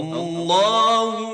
الله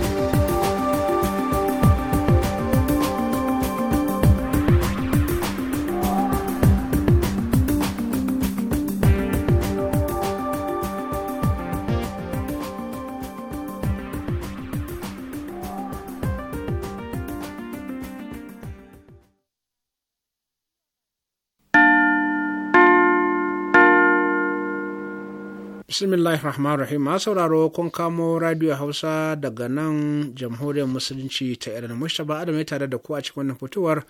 bismillahir rahmanir rahim ma sauraro kun kamo radio hausa daga nan jamhuriyar musulunci ta irin mushtaba adam ya tare da ku a cikin wannan fitowar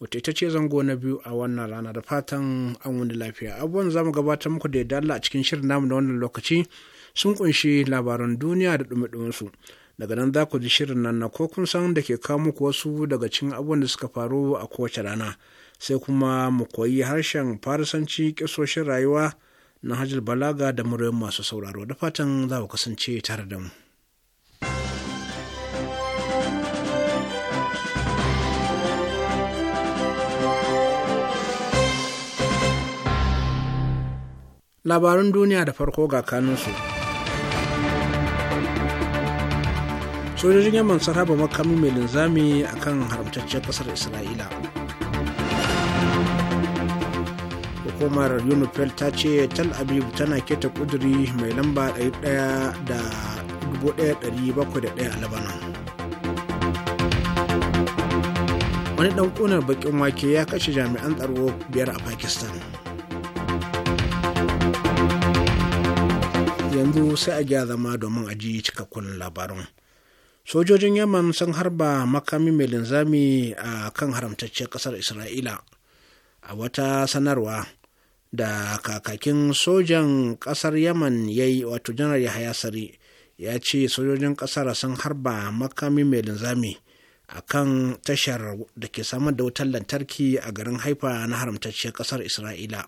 wata ita ce zango na biyu a wannan rana da fatan an wani lafiya abubuwan zamu gabatar muku da yadda a cikin shirin namu na wannan lokaci sun kunshi labaran duniya da dumi su daga nan za ku ji shirin nan na ko kun san da ke kawo muku wasu daga cikin abubuwan da suka faru a kowace rana sai kuma mu koyi harshen farisanci kisoshin rayuwa na hajjal balaga da muryoyin masu sauraro da fatan za ku kasance tare da mu. labarun duniya da farko ga kanunsu sojojin yamman sun raba makami mai linzami a kan haramtacciyar kasar isra'ila hukumar unifel ta ce tel aviv tana keta kuduri mai lamba 1,701 a labanan wani dan kunar bakin wake ya kashe jami'an tsaro biyar a pakistan yanzu sai a gya zama domin a ji cikakkun labarin sojojin yaman sun harba makami mai linzami a kan haramtacciyar kasar isra'ila a wata sanarwa da kakakin sojan Kasar yaman ya yi wato janar yahaya sari ya ce sojojin ƙasar sun harba makami mai linzami a kan tashar da ke samar da wutar lantarki a garin haifa na haramtacciyar kasar isra'ila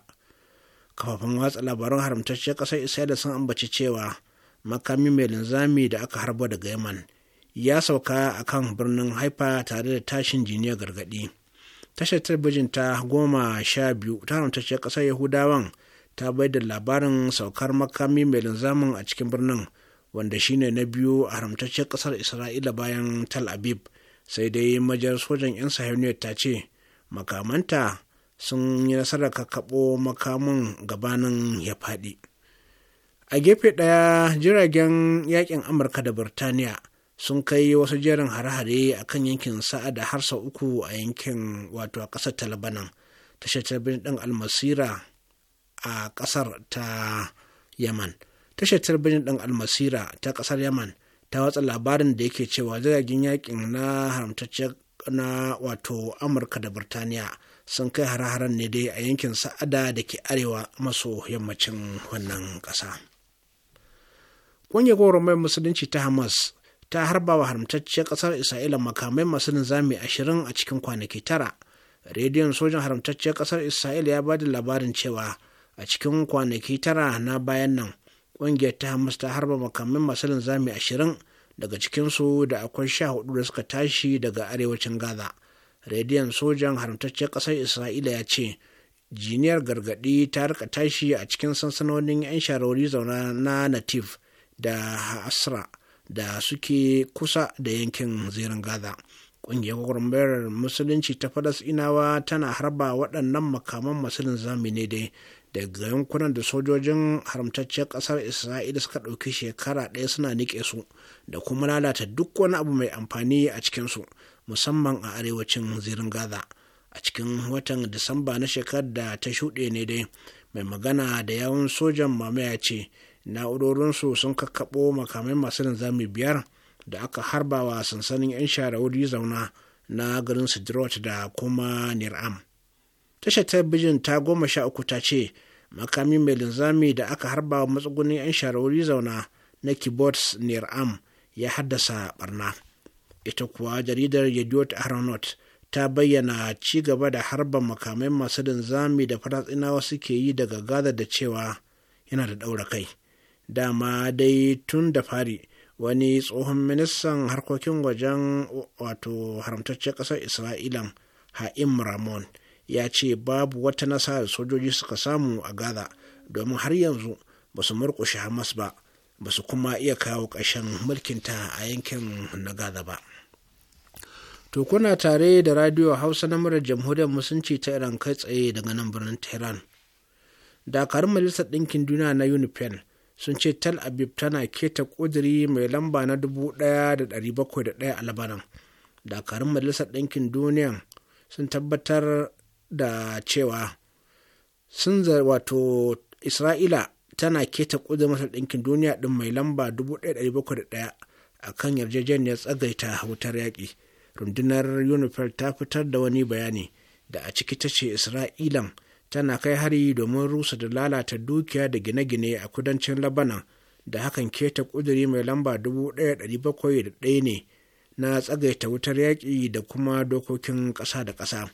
kafafen watsa labaran haramtacciyar ƙasar isra'ila sun ambaci cewa makami mai linzami da aka harba daga yaman ya sauka a kan birnin haifa tare da tashin jiniya gargadi. tashar talabijin ta goma sha biyu ta haramtacciyar ƙasar yahudawan ta bai da labarin saukar makami mai linzamin a cikin birnin wanda shine na biyu a haramtacciyar ƙasar isra'ila bayan tal abib sai dai majar sojan 'yan sahaniyar ta ce makamanta sun yi nasarar kakkaɓo makamin gabanin ya faɗi a gefe ɗaya jiragen yakin amurka da birtaniya sun kai wasu jerin hare-hare a kan yankin sa'ada har sau uku a yankin wato a ƙasar ta labanan tashar almasira a ƙasar ta yaman tashar ɗin almasira ta ƙasar yaman ta watsa labarin da yake cewa jiragen yakin na haramtacce na wato amurka da birtaniya sun kai hare ne dai a yankin sa'ada da ke arewa maso yammacin wannan ƙasa. Ƙungiyar gwamnatin musulunci ta Hamas ta harba wa haramtacciyar ƙasar isra'ila makamai masu linzami ashirin a cikin kwanaki tara rediyon sojan haramtacciyar ƙasar isra'ila ya ba da labarin cewa a cikin kwanaki tara na bayan nan ƙungiyar ta hamas ta harba makamai masu linzami ashirin daga cikinsu da akwai sha hudu da suka tashi daga arewacin gaza rediyon sojan haramtacciyar ƙasar isra'ila ya ce jiniyar Gargadi ta rika tashi a cikin sansanonin 'yan sharori zauna na natif da hasra da suke kusa da yankin zirin gaza ƙungiyar gwagwarmayar musulunci ta falasinawa tana harba waɗannan makaman masu linzami ne dai daga yankunan da sojojin haramtacciyar ƙasar isra'ila suka ɗauki shekara ɗaya suna niƙe su da kuma lalata duk wani abu mai amfani a cikinsu musamman a arewacin zirin gaza a cikin watan disamba na shekarar da ta shuɗe ne dai mai magana da yawun sojan mamaya ce na'urorinsu sun kakkaɓo makamai masu linzami biyar da aka harbawa sansanin 'yan share zauna na garin sidrot da kuma nir'am tashar talabijin ta goma sha uku ta ce makami mai linzami da aka harba wa matsugunin 'yan share zauna na kibbutz nir'am ya haddasa barna ita kuwa jaridar yadiot aronaut ta bayyana ci gaba da harba makamai masu linzami da faransinawa suke yi daga gaza da cewa yana da ɗaura kai dama dai tun da fari wani tsohon ministan harkokin wajen wato haramtaccen ƙasar isra'ilan ha'im ramon ya ce babu wata nasa da sojoji suka samu a gaza domin har yanzu ba su murƙushe hamas ba ba su kuma iya kawo ƙarshen ta a yankin na gaza ba to kuna tare da radio hausa na murar jamhuriyar musulunci ta iran kai tsaye daga nan birnin tehran dakarun majalisar ɗinkin duniya na unipen sun ce Tal Abib tana keta ƙudiri mai lamba na 1,701 a labaran dakarun majalisar ɗinkin duniya sun tabbatar da cewa sun wato isra'ila tana keta kudurin masar ɗinkin duniya ɗin mai lamba 1,701 a kan yarjejeniyar tsagaita wutar yaƙi rundunar unifil ta fitar da wani bayani da a ciki ta ce isra'ilan tana kai hari domin rusa da lalata dukiya da gine-gine a kudancin labanan da hakan keta kuduri mai lamba 1701 ne na tsagaita wutar yaƙi da kuma dokokin ƙasa da ƙasa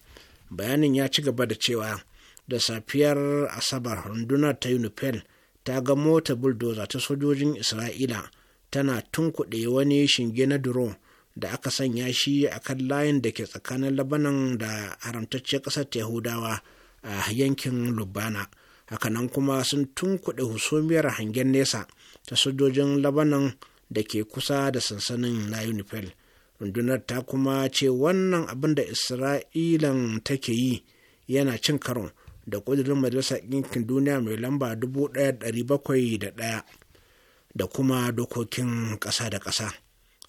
bayanin ya ci gaba da cewa da safiyar asabar rundunar ta unipel ta ga mota buldoza ta sojojin isra'ila tana tunkuɗe wani shinge na drone da aka sanya shi a kan layin da ke tsakanin labanan da haramtacciyar ƙasar yahudawa a yankin lubana hakanan kuma sun tunkuɗe husumiyar hangen nesa ta sojojin labanan da ke kusa da sansanin na unifel rundunar ta kuma ce wannan abin da isra'ilan take yi yana cin karo da ƙudurin majalisar yankin duniya mai lamba 1701 da kuma dokokin ƙasa da ƙasa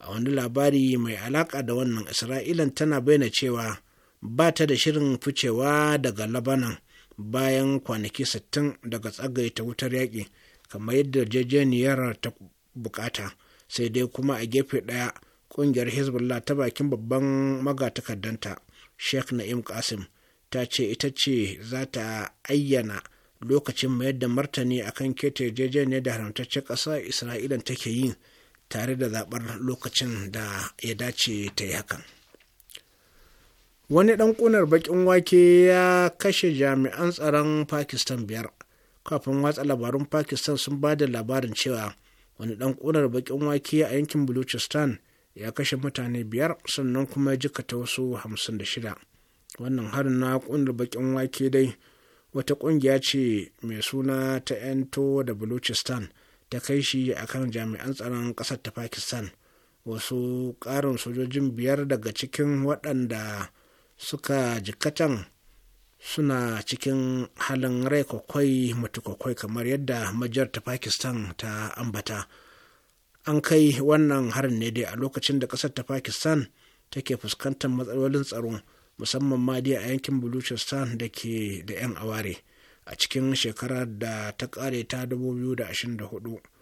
a wani labari mai alaƙa da wannan isra'ilan tana bayyana cewa ba ta da shirin ficewa daga labanan bayan kwanaki 60 daga ta wutar yaƙi kamar yadda yarjejeniyar ta bukata sai dai kuma a gefe ɗaya ƙungiyar hezbollah ta bakin babban magatakardanta sheikh na'im kasim ta ce ita ce za ta ayyana lokacin mayar da martani a kan keta yarjejeniyar da haramtaccen ƙasa isra'ila take yi tare da zaɓar lokacin da ya dace ta yi hakan. wani ɗan ƙunar baƙin wake ya kashe jami'an tsaron pakistan biyar kafin watsa labarun pakistan sun ba da labarin cewa wani ɗan ƙunar baƙin wake a yankin Baluchistan ya kashe mutane biyar sannan kuma ya jikata wasu hamsin da shida wannan harin na ƙunar baƙin wake dai wata ƙungiya ce mai suna ta 'yanto da Baluchistan ta kai shi kan jami'an tsaron ƙasar ta pakistan wasu ƙarin sojojin biyar daga cikin waɗanda suka jikatan suna cikin halin rai kwakwai kwakwai kamar yadda majiyar ta pakistan ta ambata an kai wannan harin ne dai a lokacin da kasar ta pakistan take fuskantar matsalolin tsaro musamman ma dai a yankin Baluchistan da ke da 'yan aware a cikin shekarar da ta kare ta 2024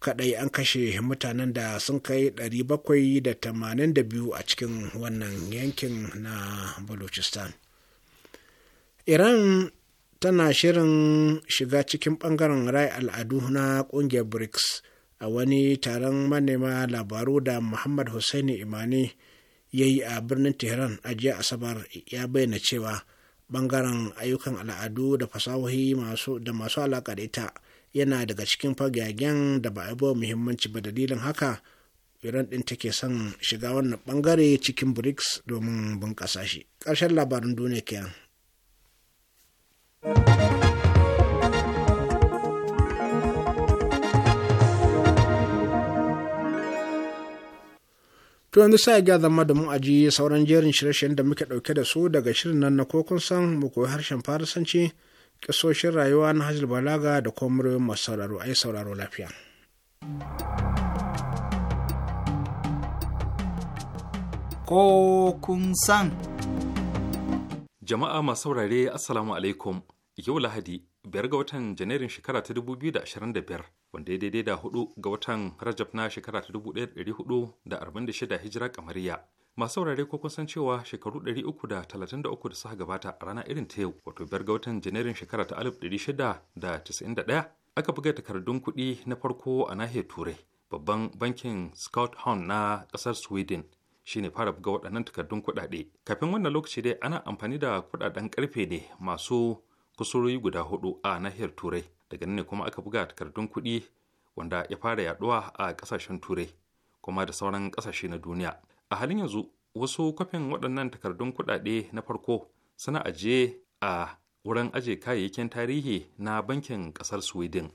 kadai an kashe mutanen da sun kai 782 a cikin wannan yankin na balochistan iran tana shirin shiga cikin bangaren rai al'adu na kungiyar brics a wani taron manema labaru da muhammad hussaini imani ya yi a birnin tehran a jiya asabar ya bayyana cewa bangaren ayyukan al'adu da fasahohi da masu alaƙa da ita yana daga cikin fagagen da ba a ba muhimmanci ba dalilin haka iran ɗin take son shiga wannan bangare cikin brics domin bunƙasa shi ƙarshen labarin duniya kenan. To yanzu sai ga zama da mu aji sauran jerin shirye-shiryen da muke ɗauke da su daga shirin nan na kokon san mu koyi harshen Farisanci. kasoshin rayuwa na hajjul balaga da kuma muryoyin masu sauraro ai sauraro lafiya ko kun san jama'a masu saurare assalamu alaikum yau lahadi biyar ga watan janairun shekara ta 2025 wanda ya daidai da hudu ga watan rajab na shekara ta 1446 hijira kamariya masu saurare ko kun san cewa shekaru 333 da suka gabata a rana irin ta yau wato biyar ga watan janairun shekara ta 1691 aka buga takardun kuɗi na farko a nahiyar turai babban bankin scott horn na ƙasar sweden shine fara buga waɗannan takardun kuɗaɗe kafin wannan lokaci dai ana amfani da kuɗaɗen ƙarfe ne masu kusurori guda hudu a nahiyar turai daga nan ne kuma aka buga takardun kuɗi wanda ya fara yaɗuwa a ƙasashen turai kuma da sauran ƙasashe na duniya a halin yanzu wasu kwafin waɗannan takardun kuɗaɗe na farko suna ajiye a wurin ajiye kayayyakin tarihi na bankin ƙasar sweden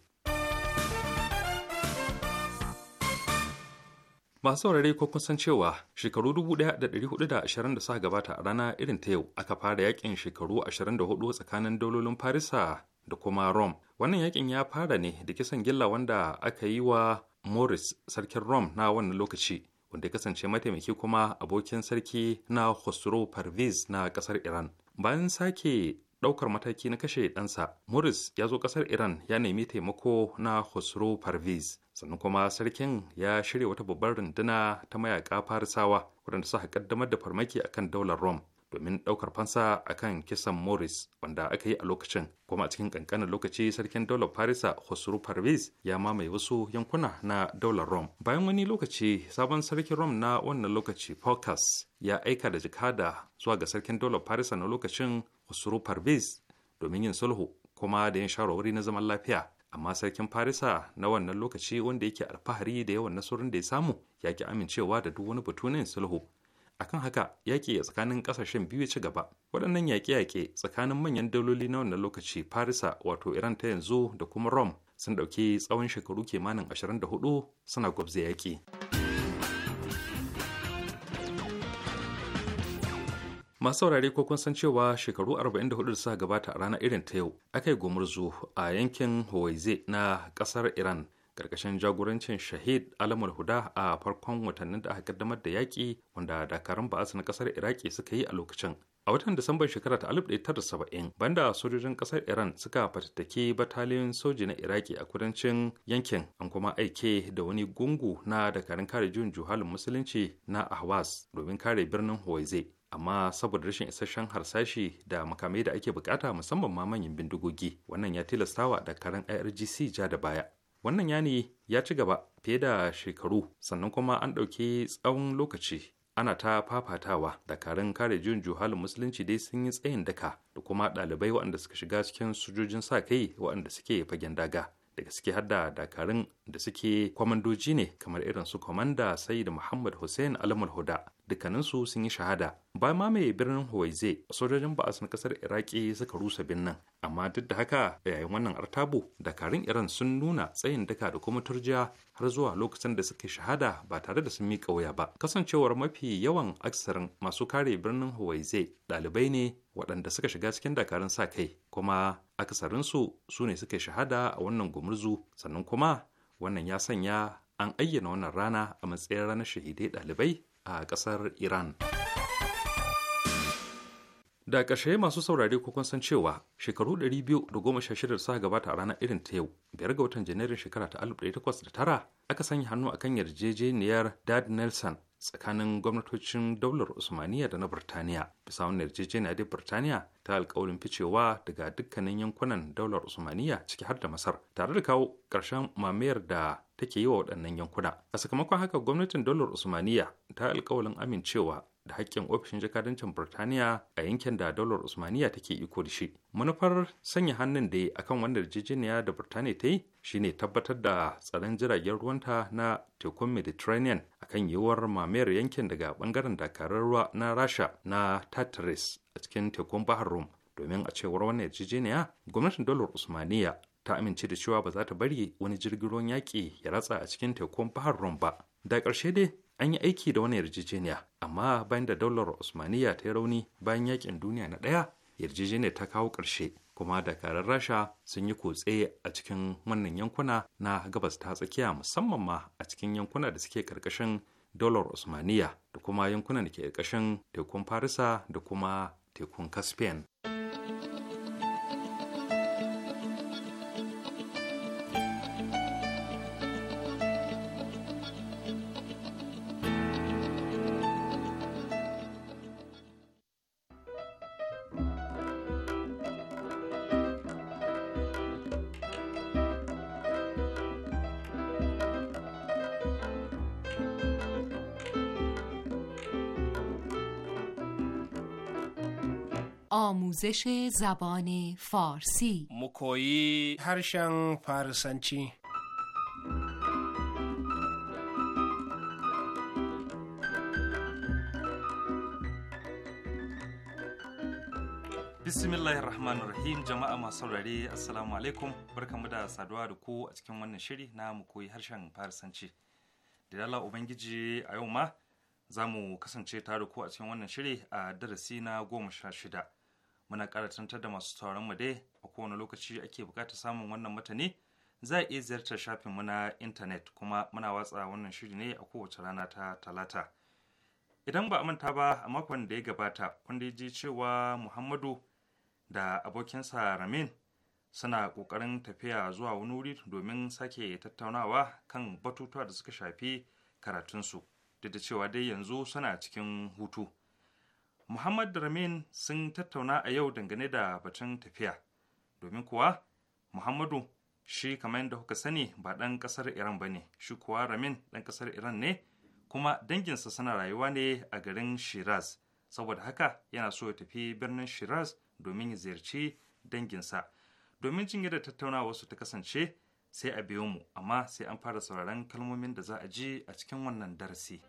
masu saurare ko kun san cewa shekaru 1420 da suka gabata a rana irin ta yau aka fara yakin shekaru 24 tsakanin daulolin farisa da kuma rom wannan yakin ya fara ne da kisan gilla wanda aka yi wa morris sarkin rom na wannan lokaci wanda ya kasance mataimaki kuma abokin sarki na Khosrow Parviz na kasar Iran. Bayan sake ɗaukar mataki na kashe ɗansa, Morris ya zo kasar Iran ya nemi taimako na Khosrow Parviz. Sannan kuma sarkin ya shirya wata babbar runduna ta mayaka Farisawa wadanda suka kaddamar da farmaki akan daular Rome. domin ɗaukar fansa a kan kisan morris wanda aka yi a lokacin kuma a cikin ƙanƙanin lokaci sarkin daular farisa hosuru parvis ya mamaye wasu yankuna na daular rome bayan wani lokaci sabon sarkin rome na wannan lokaci focus ya aika da jikada zuwa ga sarkin daular farisa na lokacin hosuru parvis domin yin sulhu kuma da yin shawarwari na zaman lafiya amma sarkin farisa na wannan lokaci wanda yake alfahari da yawan nasarorin da ya samu ya ki amincewa da duk wani batu na sulhu akan haka yaƙi a tsakanin ƙasashen biyu ya ci gaba waɗannan yaƙe-yaƙe tsakanin manyan daloli na wannan lokaci farisa wato iran ta yanzu da kuma rom sun ɗauki tsawon shekaru kimanin 24 suna gwabza yaƙi masu saurari ko kun san cewa shekaru 44 da suka gabata a ranar irin ta yau aka yi gumurzu a yankin hawaii na ƙasar iran karkashin jagorancin shahid alamul huda a farkon watannin da aka kaddamar da yaƙi wanda dakarun ba'as na ƙasar iraki suka yi a lokacin a watan disamban shekara ta 1970 banda sojojin ƙasar iran suka fatattaki bataliyoyin soji na iraki a kudancin yankin an kuma aike da wani gungu na dakarun kare juyin juhalin musulunci na ahwas domin kare birnin hoize amma saboda rashin isasshen harsashi da makamai da ake bukata musamman ma manyan bindigogi wannan ya tilastawa dakarun irgc ja da baya wannan yani ya ci gaba fiye da shekaru sannan kuma an ɗauki tsawon lokaci ana ta fafatawa dakarun kare jin juhalin musulunci dai sun yi tsayin daka da kuma ɗalibai waɗanda suka shiga cikin sojojin sa kai waɗanda suke fagen daga daga suke hada dakarun da suke kwamandoji ne kamar irin su kwamanda sai da muhammad hussein alamul huda dukkaninsu sun yi shahada bayan mamaye birnin Hawaii sojojin ba'as na kasar Iraki suka rusa birnin amma duk da haka yayin wannan artabu dakarun Iran sun nuna tsayin daka da kuma turjiya har zuwa lokacin da suka shahada ba tare da sun miƙa waya ba kasancewar mafi yawan aksarin masu kare birnin Hawaii ɗalibai ne waɗanda suka shiga cikin dakarun sa kai kuma aksarinsu su ne suka shahada a wannan gumurzu sannan kuma wannan ya sanya an ayyana wannan rana a matsayin ranar shahidai ɗalibai a ƙasar iran da ƙarshe masu saurari ko kun san cewa shekaru da goma sha 216 suka gabata a ranar irin ta yau biyar ga watan janairun shekara ta 1809 aka sanya hannu a kan yarjejeniyar dad nelson tsakanin gwamnatocin daular usmaniya da na birtaniya bisa wani yarjejeniya dai birtaniya ta alkawarin ficewa daga dukkanin yankunan daular usmaniya ciki har da masar tare da kawo ƙarshen mamayar da take yi wa waɗannan yankuna a sakamakon haka gwamnatin daular usmaniya ta alkawarin amincewa da haƙƙin ofishin jakadancin Birtaniya a yankin da daular Usmaniya take iko da shi. Manufar sanya hannun da akan wanda yarjejeniya da Birtaniya ta yi shine tabbatar da tsaron jiragen ruwanta na tekun Mediterranean a kan yiwuwar mamayar yankin daga bangaren dakarar ruwa na Rasha na Tartarus a cikin tekun Bahar Rum. Domin a cewar wannan yarjejeniya, gwamnatin dalar Usmaniya ta amince da cewa ba za ta bari wani jirgin ruwan yaƙi ya ratsa a cikin tekun Bahar Rum ba. Da ƙarshe dai an yi aiki da wani yarjejeniya amma bayan da daular usmaniyya ta yi rauni bayan yakin duniya na ɗaya yarjejeniya ta kawo ƙarshe kuma dakarar rasha sun yi kutse a cikin wannan yankuna na gabas ta tsakiya musamman ma a cikin yankuna da suke karkashin daular usmaniyya da kuma yankunan da ke karkashin tekun farisa da kuma tekun caspian آموزش زبان فارسی مکویی هرشن فارسنچی bismillahir rahmanir rahim jama'a masu saurare assalamu alaikum barkamu da saduwa da ku a cikin wannan shiri na mu koyi harshen farisanci da dala ubangiji a yau ma za mu kasance tare da ku a cikin wannan shiri a darasi na goma sha shida muna ƙara tantar da masu sauran mu dai a kowane lokaci ake buƙatar samun wannan mutane za a iya ziyartar shafin mu na intanet kuma muna watsa wannan shiri ne a kowace rana ta talata idan ba a manta ba a makon da ya gabata kun da ji cewa muhammadu da abokinsa ramin suna ƙoƙarin tafiya zuwa wani wuri domin sake tattaunawa kan batutuwa da suka shafi karatunsu duk da cewa dai yanzu suna cikin hutu Muhammad da Ramin sun tattauna a yau dangane da batun tafiya, domin kuwa Muhammadu shi kamar yadda kuka sani ba ɗan ƙasar Iran ba ne, shi kuwa Ramin ɗan ƙasar Iran ne, kuma danginsa suna rayuwa ne a garin Shiraz, saboda haka yana so ya tafi birnin Shiraz domin ya ziyarci danginsa. Domin jin da tattaunawa su ta kasance sai a biyo mu, amma sai an fara sauraron kalmomin da za a ji a cikin wannan darasi.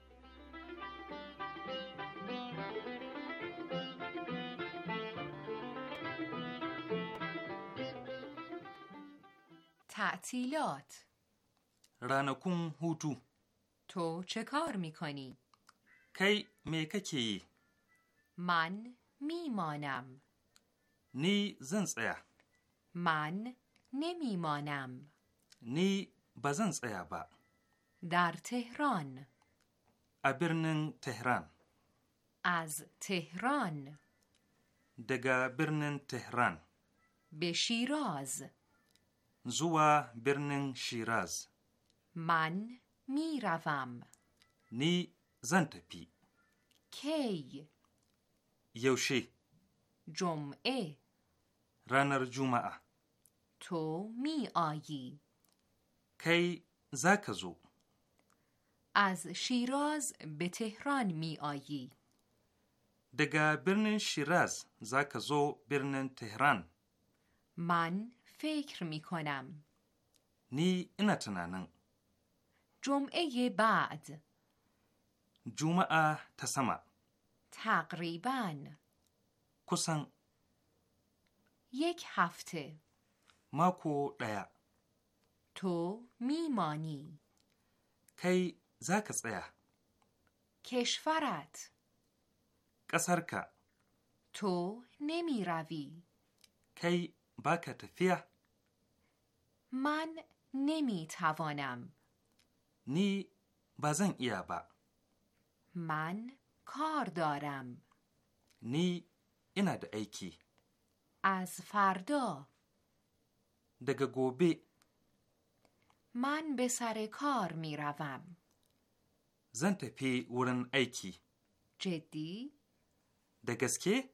تعطیلات رانکون هوتو تو چه کار میکنی؟ کی میکه کی؟ من میمانم نی زن سیا من نمیمانم نی بزن سیا با در تهران ابرنن تهران از تهران دگا برنن تهران به شیراز zuwa birnin Shiraz. Man mi ravam. Ni zan tafi. Kei. Yaushe. Jom'e. Ranar Juma'a. To mi ayi. Kai za ka zo. Az Shiraz be Tehran mi ayi. Daga birnin Shiraz za ka zo birnin Tehran. Man فکر می کنم نی اینا تنانن جمعه بعد جمعه تسمع تقریبا کسن یک هفته ماکو دیا تو میمانی کی زاک تسیا کشورت قصرکا تو نمی روی کی با که من نمی توانم نی بزن ایا با من کار دارم نی اینا ایکی از فردا دگه گوبه من به سر کار می روم زن تپی ورن ایکی جدی؟ دگسکی؟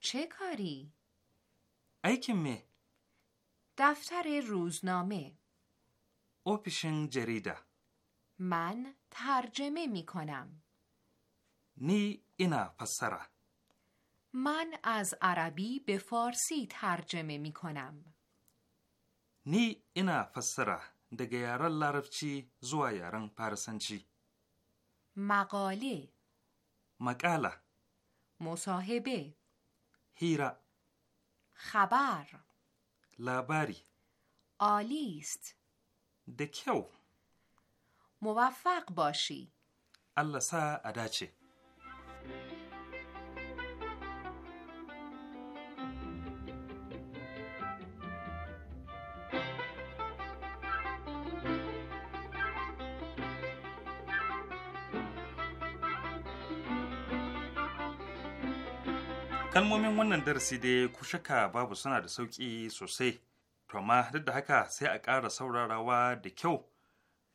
چه کاری؟ aikin دفتر روزنامه اوپیشن جریده من ترجمه می کنم نی اینا پسرا من از عربی به فارسی ترجمه می کنم نی اینا پسرا دگه یارن لارفچی زوا یارن چی مقاله مقاله مصاحبه هیرا خبر لاباری آلیست دکیو موفق باشی الله سا اداچه kalmomin wannan darasi dai ku shaka babu suna da sauƙi sosai to amma duk da haka sai a ƙara saurarawa da kyau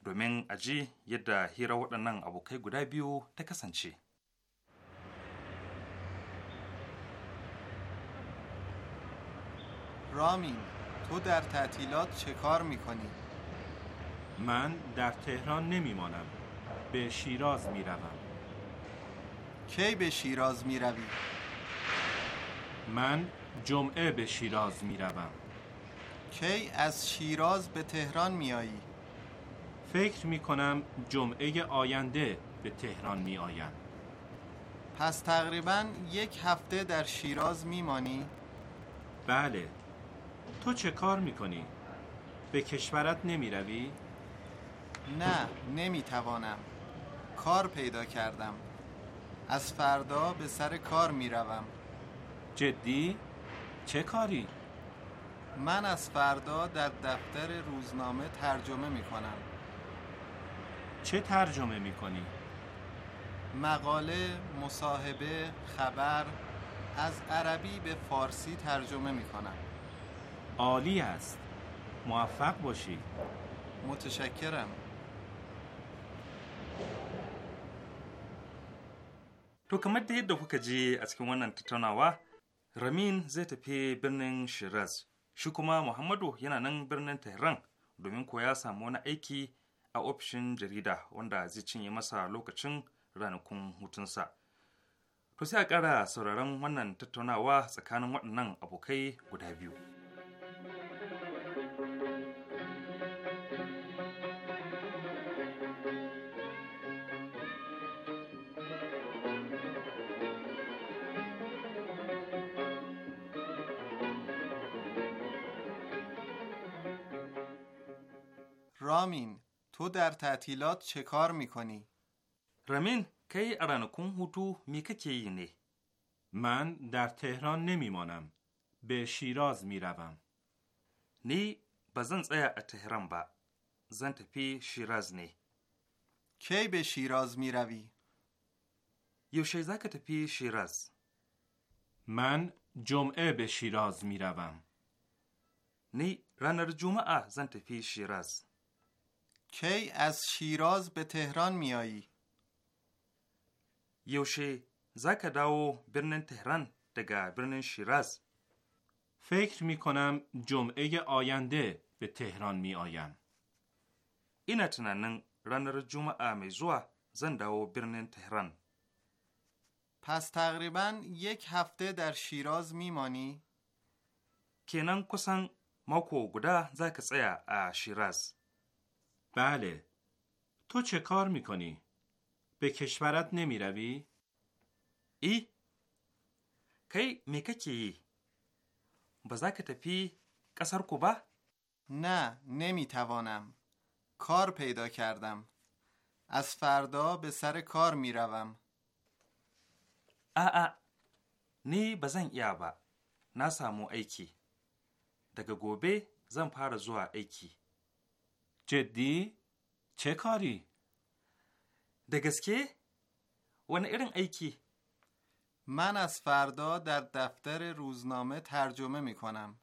domin a ji yadda hira waɗannan abokai guda biyu ta kasance رامین تو در تعطیلات چه کار میکنی؟ من در تهران نمیمانم به شیراز میروم کی به شیراز میروی؟ من جمعه به شیراز می روم. کی از شیراز به تهران آیی؟ فکر می کنم جمعه آینده به تهران می آیم. پس تقریبا یک هفته در شیراز میمانی؟ بله تو چه کار می کنی؟ به کشورت نمی روی؟ نه نمی توانم کار پیدا کردم از فردا به سر کار می روم. جدی؟ چه کاری؟ من از فردا در دفتر روزنامه ترجمه می کنم چه ترجمه می کنی؟ مقاله، مصاحبه، خبر از عربی به فارسی ترجمه می کنم عالی است موفق باشی متشکرم تو kamar da از kuka ramin zai tafi birnin shiraz shi kuma muhammadu yana nan birnin tehran domin ko ya samu wani aiki a ofishin jarida wanda zai cinye masa lokacin ranakun hutunsa to sai a ƙara sauraron wannan tattaunawa tsakanin waɗannan abokai guda biyu رامین تو در تعطیلات چه کار میکنی؟ رامین کی ارانکون هوتو میکه نه من در تهران نمیمانم به شیراز میروم نی بزن تسیا تهران با زن تپی شیراز نی؟ کی به شیراز میروی؟ یو زکه تپی شیراز من جمعه به شیراز میروم نی رانر جمعه زن تپی شیراز کی از شیراز به تهران میایی؟ یوشی، زک داو برنن تهران دگا برنن شیراز فکر می کنم جمعه آینده به تهران می آیم. اینا تنانن رانر جمعه می زوه زن برنن تهران. پس تقریبا یک هفته در شیراز میمانی؟ کنن کسان ماکو گدا زکس ایا شیراز. بله تو چه کار میکنی؟ به کشورت نمیروی؟ ای؟ کی چی؟ بزاک تپی کسر کوبا؟ نه نمیتوانم کار پیدا کردم از فردا به سر کار میروم آآ نی بزن یا با نسامو سامو ایکی. دگه گوبه زن پر ایکی ایکی. جدی؟ چه کاری؟ که؟ ون ای کی من از فردا در دفتر روزنامه ترجمه می کنم.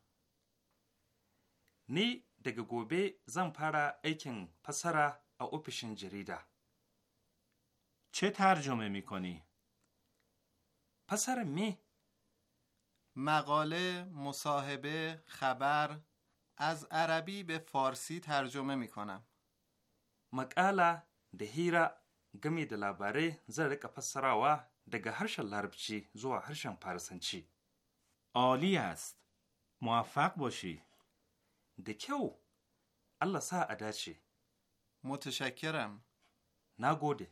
نی دگه گوبه زن پارا ایکن پسرا او پیشن جریده. چه ترجمه می کنی؟ پسر می؟ مقاله، مصاحبه، خبر، از عربی به فارسی ترجمه می کنم. مقاله ده هیرا گمی ده لاباره زر رکا پسراوا دگه هرشن لربچی زوا هرشن پارسنچی. عالی است. موفق باشی. ده کیو. الله سا اداچه. متشکرم. نگوده.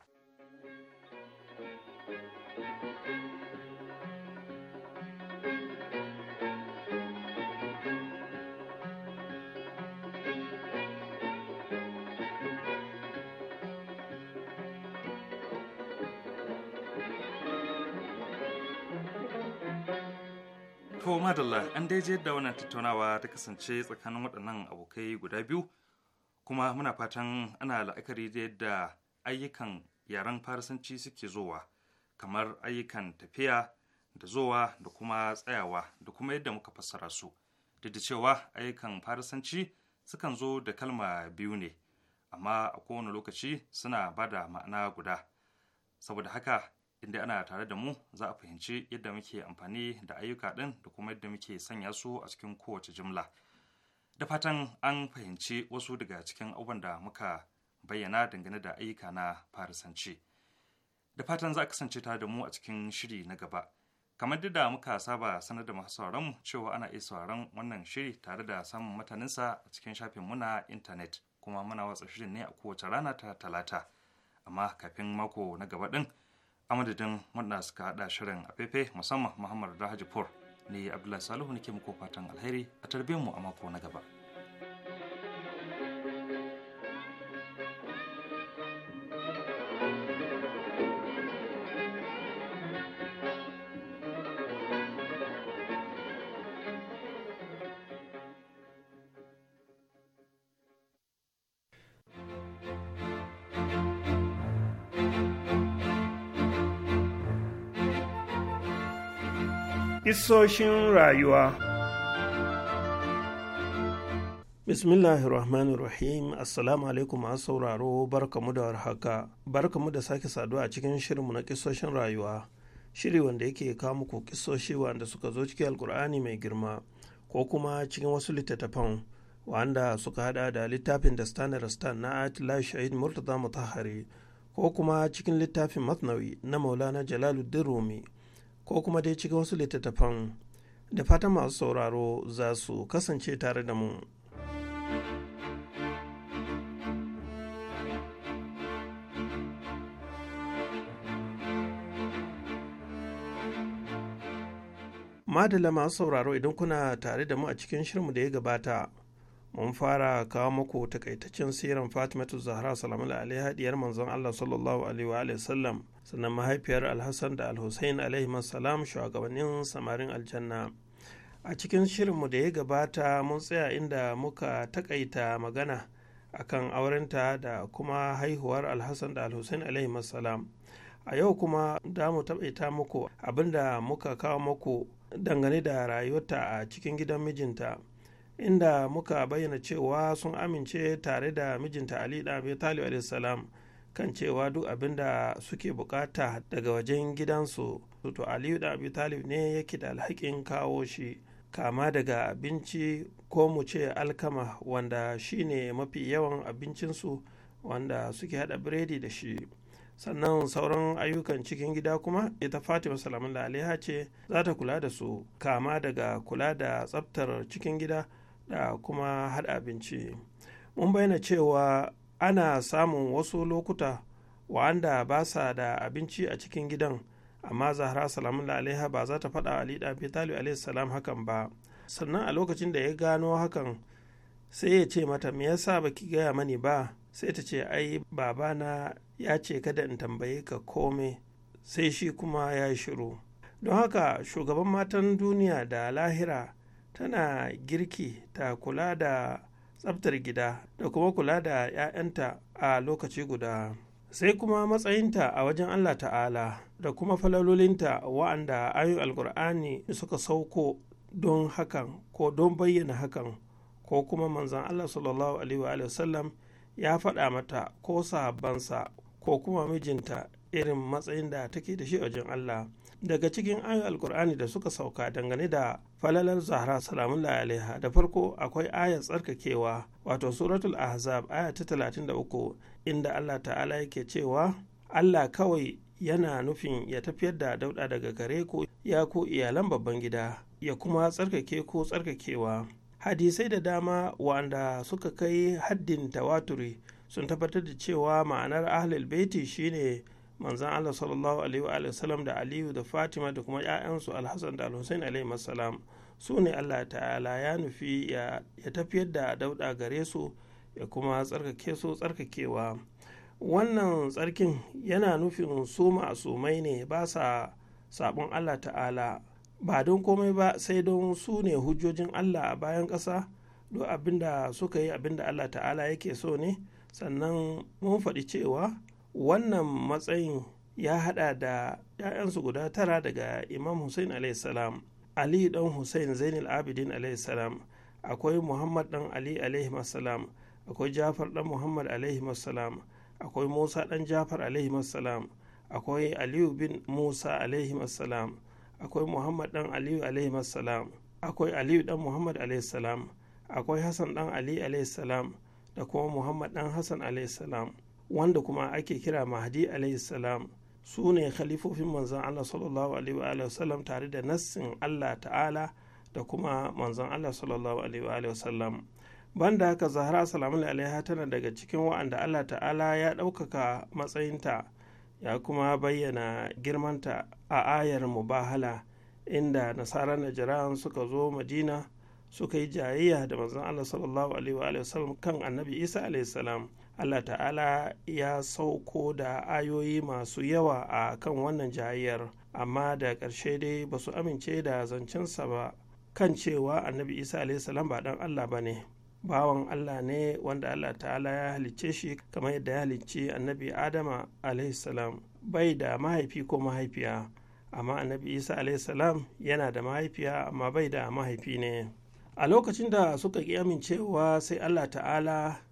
to madalla an dai je yadda wannan tattaunawa ta kasance tsakanin waɗannan abokai guda biyu kuma muna fatan ana la'akari da yadda ayyukan yaren farisanci suke zowa kamar ayyukan tafiya da zowa da kuma tsayawa da kuma yadda muka fassara su duk da cewa ayyukan farisanci sukan zo da kalma biyu ne amma a kowane lokaci suna bada ma'ana guda saboda haka inda ana tare da mu za a fahimci yadda muke amfani da ayyuka ɗin da kuma yadda muke sanya su a cikin kowace jumla da fatan an fahimci wasu daga cikin abubuwan da muka bayyana dangane da ayyuka na farisanci da fatan za a kasance tare da mu a cikin shiri na gaba kamar da muka saba sanar da masu mu cewa ana iya sauran wannan shiri tare da samun mataninsa a cikin mu na intanet kuma muna watsa shirin ne a kowace rana ta talata amma kafin mako na gaba ɗin a madadin suka hada shirin a fefe musamman muhammadu rahajipur ne abdullahi salihu nake muku fatan alheri a tarbiyyar mu a mako na gaba Kisoshin rayuwa Bismillahir Rahmanir Assalamu alaikum masu sauraro barkamu da warhaka barkamu da sake saduwa a cikin shirinmu na kisoshin rayuwa shiri wanda yake kawo muku kisoshi wanda suka zo cikin alkur'ani mai girma ko kuma cikin wasu littattafan wanda suka hada da littafin da Standard Stand na atila shahid murtaza mutahari ko kuma cikin littafin masnawi na maulana jalaluddin rumi ko kuma dai cikin wasu littattafan da fata masu sauraro za su kasance tare da mu. madala masu sauraro idan kuna tare da mu a cikin shirmu da ya gabata mun fara kawo muku takaitaccen siran fatimatu zahra salamu alaihi diyar manzon allah sallallahu alaihi wa sallam sannan mahaifiyar alhassan da alhussein alaihi salam shugabannin samarin aljanna a cikin shirinmu da ya gabata mun tsaya inda muka takaita magana akan aurenta da kuma haihuwar alhassan da alhussein alaihi salam a yau kuma da mu taɓaita muku abinda muka kawo muku dangane da rayuwarta a cikin gidan mijinta inda muka bayyana cewa sun amince tare da mijinta ali da talib alaihi salam kan cewa duk abin da suke bukata daga wajen gidansu to aliyu da abu talib ne yake da alhakin kawo shi kama daga abinci ko mu ce alkama wanda shi ne mafi yawan abincinsu wanda suke hada biredi da shi sannan sauran ayyukan cikin gida kuma ita fatima salamun alaiha ce za ta kula da su kama daga kula da tsabtar cikin gida da kuma hada abinci mun bayyana cewa ana samun wasu lokuta wa'anda ba sa da abinci a cikin gidan amma zahra salamun alaiha ba za ta faɗa ali da fitali alaihi salam hakan ba sannan a lokacin da ya gano hakan sai ya ce mata me yasa baki gaya mani ba sai ta ce ai babana ya ce kada in tambaye ka kome sai shi kuma ya shiru don haka shugaban matan duniya da lahira tana girki ta kula da tsabtar gida da kuma kula da 'ya'yanta a lokaci guda sai kuma matsayinta a wajen allah ta'ala da kuma falalolinta wa'anda ayoyin alkur'ani suka sauko don hakan ko don bayyana hakan ko kuma manzan allah sallallahu alaihi ya faɗa mata ko sabansa ko kuma mijinta irin matsayin da take da shi wajen allah daga cikin ayoyin alkur'ani da suka sauka dangane da falalar zahra salamun alaiha da farko akwai ayar tsarkakewa wato suratul ahzab aya ta uku inda allah ta'ala yake cewa allah kawai yana nufin ya tafiyar da dauda daga gare ku ya ku iyalan babban gida ya kuma tsarkake ko tsarkakewa hadisai da dama wanda suka kai haddin tawaturi sun tabbatar da cewa ma'anar ahlul baiti shine manzan Allah sallallahu alaihi wa sallam da Aliyu da Fatima da kuma ‘ya'yansu Alhassan da Alhussein alaihi salam su ne allah ta'ala ya nufi ya tafiyar da dauda gare su ya kuma tsarkake su tsarkakewa wannan tsarkin yana nufin su ma'asumai ne ba sa sabon allah ta'ala ba don komai ba sai don su ne hujjojin allah a bayan ƙasa duk abinda suka yi abinda allah ta'ala yake so ne sannan mun faɗi cewa wannan matsayin ya haɗa da 'ya'yansu guda tara daga imam hussein salam ali dan hussein zainul abidin alaihi salam akwai muhammad dan ali alaihi salam akwai jafar dan muhammad alaihi salam akwai musa dan jafar alaihi salam akwai aliyu bin musa alaihi salam akwai muhammad dan aliyu alaihi salam akwai aliyu dan muhammad alaihi salam akwai hassan dan ali alaihi salam da kuma muhammad dan hassan alaihi salam wanda kuma ake kira mahdi alaihi salam su ne khalifofin manzon Allah sallallahu alaihi wa sallam tare da nassin Allah ta'ala da kuma manzon Allah sallallahu alaihi wa sallam banda haka zahra salamun alaiha tana daga cikin wa'anda Allah ta'ala ya ɗaukaka matsayinta ya kuma bayyana girmanta a ayar mubahala inda nasara najiran suka zo madina suka yi jayayya da manzon Allah sallallahu alaihi wa sallam kan annabi isa alaihi salam allah ta'ala ya sauko da ayoyi masu yawa a kan wannan jayayyar amma da ƙarshe dai ba su amince da zancensa ba kan cewa annabi isa salam ba dan allah ba ne bawan allah ne wanda allah ta'ala ya halicce shi kamar yadda ya halicci annabi adama salam bai da mahaifi ko mahaifiya amma annabi isa salam yana da mahaifiya amma bai da mahaifi ne a lokacin da suka ƙi amincewa sai allah ta'ala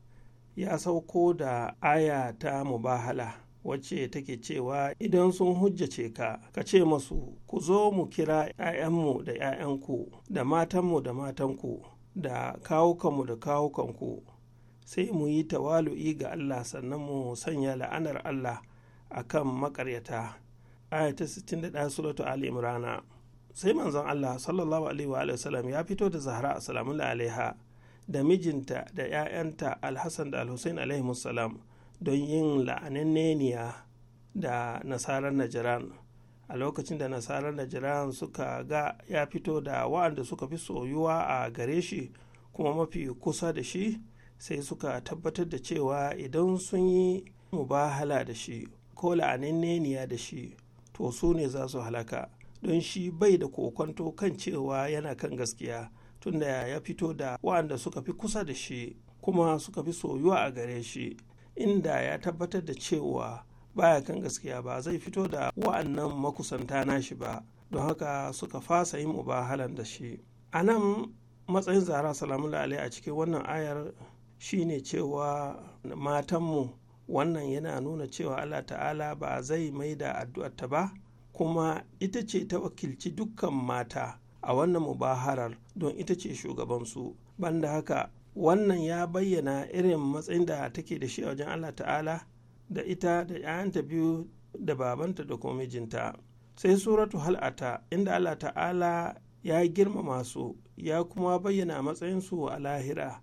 ya sauko da aya ta mubahala wacce take cewa idan sun hujjace ka ka ce masu ku zo mu kira 'ya'yanmu da 'ya'yanku da matanmu da matanku da kawukanmu da kawukanku sai mu yi tawalu'i ga Allah sannan mu sanya la'anar Allah a kan makaryata ayata 61 suratu ali imrana sai manzon Allah sallallahu alaihi wa ya fito da zahra salamun alaiha da mijinta da 'ya'yanta alhassan da alhussein alaihimussalam don yin la'ananneniya da nasarar najiran a lokacin da nasarar najiran suka ga ya fito da wa'anda suka fi soyuwa a gare shi kuma mafi kusa da shi sai suka tabbatar da cewa idan sun yi mubahala da shi ko la'ananneniya da shi to su ne za su halaka don shi bai da kokonto kan cewa yana kan gaskiya tunda ya fito da waɗanda suka fi kusa da shi kuma suka fi soyuwa a gare shi inda ya tabbatar da cewa baya kan gaskiya ba zai fito da waɗannan makusanta shi ba don haka suka fasa yin mubahalan da shi a nan matsayin zara salamu alaihi a cikin wannan ayar shine cewa matanmu wannan yana nuna cewa allah ta'ala ba zai mai maida addu'arta ba kuma ita ce ta wakilci dukkan mata a wannan mubaharar don ita ce shugabansu banda haka wannan ya bayyana irin matsayin da take da shi a wajen allah ta'ala da ita da 'ya'yanta biyu da babanta da kuma mijinta sai suratu hal'ata inda allah ta'ala ya girmama su ya kuma bayyana matsayinsu a lahira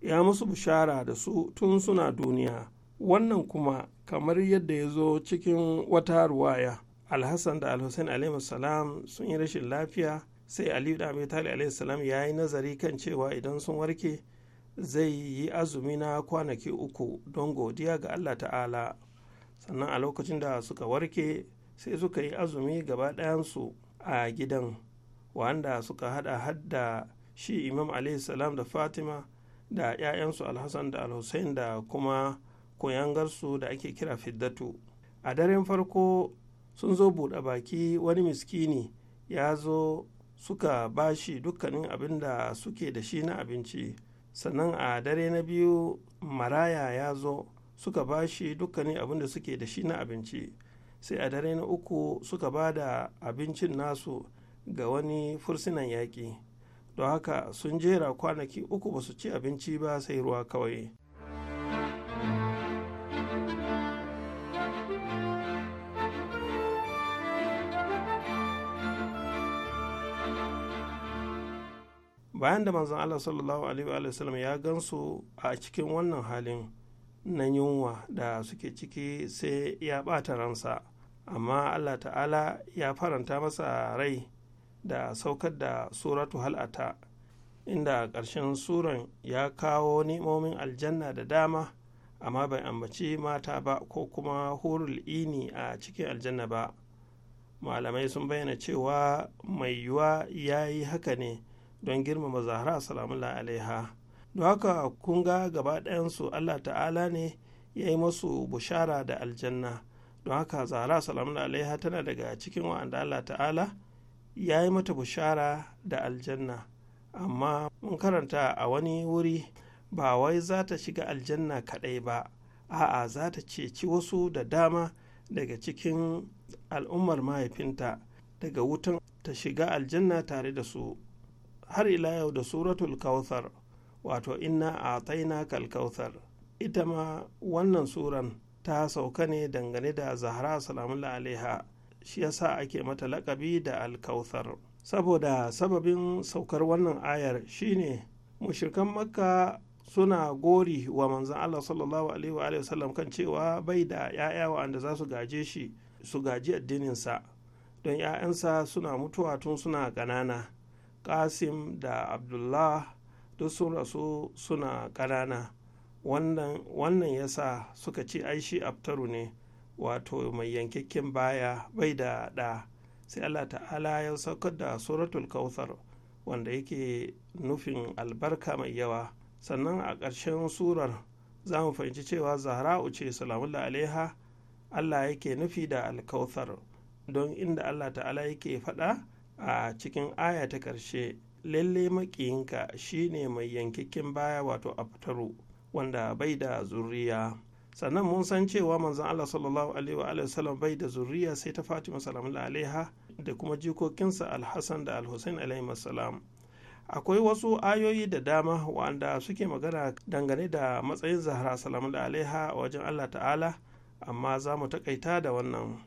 ya musu bishara da su tun suna duniya wannan kuma kamar yadda ya zo cikin wata ruwaya alhassan da alhussein salam sun yi rashin lafiya sai aliyu da abi salam ya yi nazari kan cewa idan sun warke zai yi azumi na kwanaki uku don godiya ga allah ta'ala sannan a lokacin da suka warke sai suka yi azumi gaba ɗayansu a gidan wanda suka hada hadda shi imam salam da fatima da 'ya'yansu alhassan da alhussein da kuma koyangarsu da ake kira fiddatu a daren farko sun zo buɗe baki wani miskini ya zo suka ba shi dukkanin abin da suke da shi na abinci sannan a dare na biyu maraya ya zo suka ba shi dukkanin abin da suke da shi na abinci sai a dare na uku suka ba da abincin nasu ga wani fursunan yaƙi don haka sun jera kwanaki uku ba su ci abinci ba sai ruwa kawai bayan da manzon Allah sallallahu alaihi wa sallam ya gansu a cikin wannan halin na yunwa da suke ciki sai ya ɓata ransa amma Allah ta'ala ya faranta masa rai da saukar da suratu hal'ata inda ƙarshen suran ya kawo nimomin aljanna da dama amma bai ambaci mata ba ko kuma hurul ini a cikin aljanna ba malamai sun bayyana cewa mai yiwuwa ya yi haka ne don girmama zahra salamullahi alaiha don haka kun ga gaba ɗayansu allah ta'ala ne ya yi masu bushara da aljanna don haka zahra salamu alaiha tana daga cikin wa'anda allah ta'ala ya yi mata bushara da aljanna amma mun karanta a wani wuri ba wai za ta shiga aljanna kaɗai ba a'a za ta ceci wasu da dama daga cikin al'ummar mahaifinta daga wutan ta shiga aljanna tare da su har ila yau da suratul kawthar wato inna a taina kawthar ita ma wannan suran ta sauka ne dangane da zahra salamullah alaiha shi yasa ake mata lakabi da al kawthar saboda sababin saukar wannan ayar shine mushrikan makka suna gori wa manzan Allah sallallahu alaihi wa kan cewa bai da ‘ya'ya wa'anda za su gaje shi su gaji addininsa don ‘ya'yansa suna mutuwa tun suna ganana. kasim da abdullah duk sun rasu suna ƙanana wannan ya sa suka ci aishi abtaru ne wato mai yankakken baya bai da ɗa sai allah ta'ala ya saukar da suratul kautsar wanda yake nufin albarka mai yawa sannan a ƙarshen surar za mu fahimci cewa zahra'u uce salamullah alaiha allah yake nufi da alkautsar don inda allah ta'ala yake faɗa a cikin aya ta ƙarshe lalle maƙiyinka shine mai yankakken baya wato fitaru wanda bai da zuriya sannan mun san cewa manzan Allah sallallahu alaihi wa sallam bai da zuriya sai ta Fatima salamun alaiha da kuma jikokinsa al da Al-Hussein alaihi salam akwai wasu ayoyi da dama wanda suke magana dangane da matsayin Zahra salamun alaiha wajen Allah ta'ala amma za mu takaita da wannan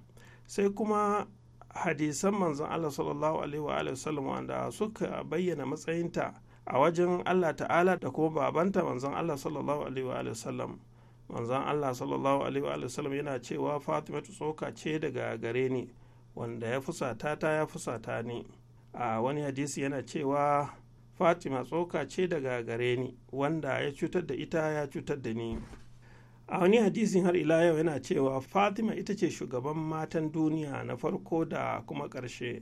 sai kuma hadisan manzon Allah sallallahu alaihi wa wasallam wanda suka bayyana matsayinta a wajen Allah ta'ala da kuma babanta manzon Allah sallallahu alaihi wa wasallam manzon Allah sallallahu alaihi wa wasallam yana cewa fatima tsoka ce daga gare ni wanda ya fusata ta ya fusata ni a wani hadisi yana cewa Fatima tsoka ce daga gare ni wanda ya cutar da ita ya cutar da ni a wani hadisin har ila yau yana cewa fatima ita ce shugaban matan duniya na farko da kuma ƙarshe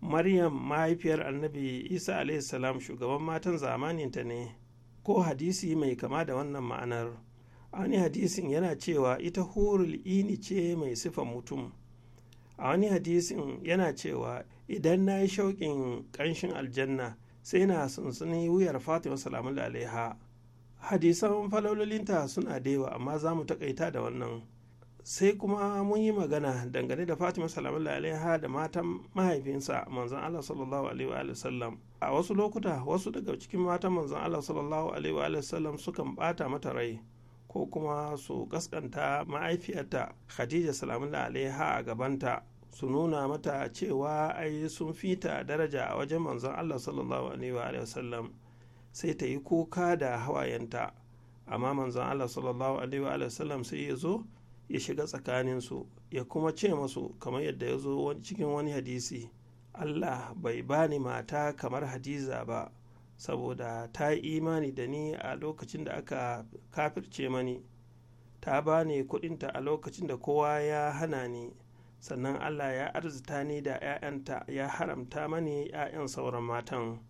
maryam mahaifiyar annabi isa salam shugaban matan zamaninta ne ko hadisi mai kama da wannan ma'anar a wani hadisin yana cewa ita hurul ini ce mai sifa mutum a wani hadisin yana cewa idan na yi shauƙin ƙanshin aljanna sai na sunsuni wuyar fatima salamu alaiha hadisan falalolinta suna da yawa amma za mu takaita da wannan sai kuma mun yi magana dangane da fatima salamu alaiha da matan mahaifinsa manzan allah sallallahu alaihi wa sallam a wasu lokuta wasu daga cikin matan manzan allah sallallahu alaihi wa sallam sukan bata mata rai ko kuma su kaskanta ma'aifiyarta khadija salamu alaiha a gabanta su nuna mata cewa ai sun fita daraja a wajen manzan allah sallallahu alaihi wa sallam sai ta yi kuka da hawayenta amma manzon Allah sallallahu alaihi wa sallam sai ya zo ya shiga tsakaninsu ya kuma ce masu kamar yadda ya zo cikin wani hadisi Allah bai bani mata kamar hadiza ba saboda ta yi imani da ni a lokacin da aka kafirce mani ta bani kudinta a lokacin da kowa ya hana ni sannan Allah ya arzita ni da 'ya'yanta ya haramta mani 'ya'yan sauran matan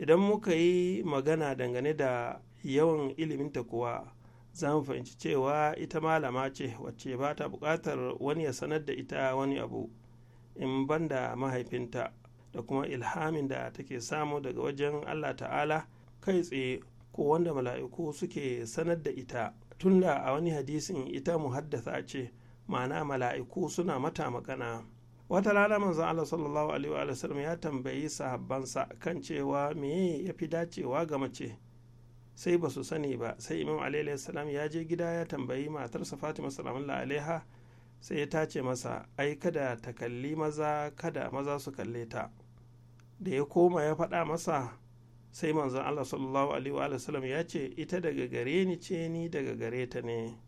idan muka yi magana dangane da yawan iliminta kuwa za mu fahimci cewa ita malama ce wacce ba ta buƙatar wani ya sanar da ita wani abu in banda mahaifinta da kuma ilhamin da take samu daga wajen allah ta'ala kai tsaye ko wanda mala'iku suke sanar da ita tunda a wani hadisin ita mu haddasa ce ma'ana mala'iku suna mata magana wata rana manzon Allah sallallahu alaihi wa sallam ya tambayi sahabbansa kan cewa me ya fi dacewa ga mace sai ba su sani ba sai imam alaihi salam ya je gida ya tambayi matarsa fatima salamullahi alaiha sai ya tace masa ai kada ta kalli maza kada maza su kalle ta da ya koma ya faɗa masa sai manzon Allah sallallahu alaihi wa sallam ya ce ita daga gare ni ce ni daga gare ta ne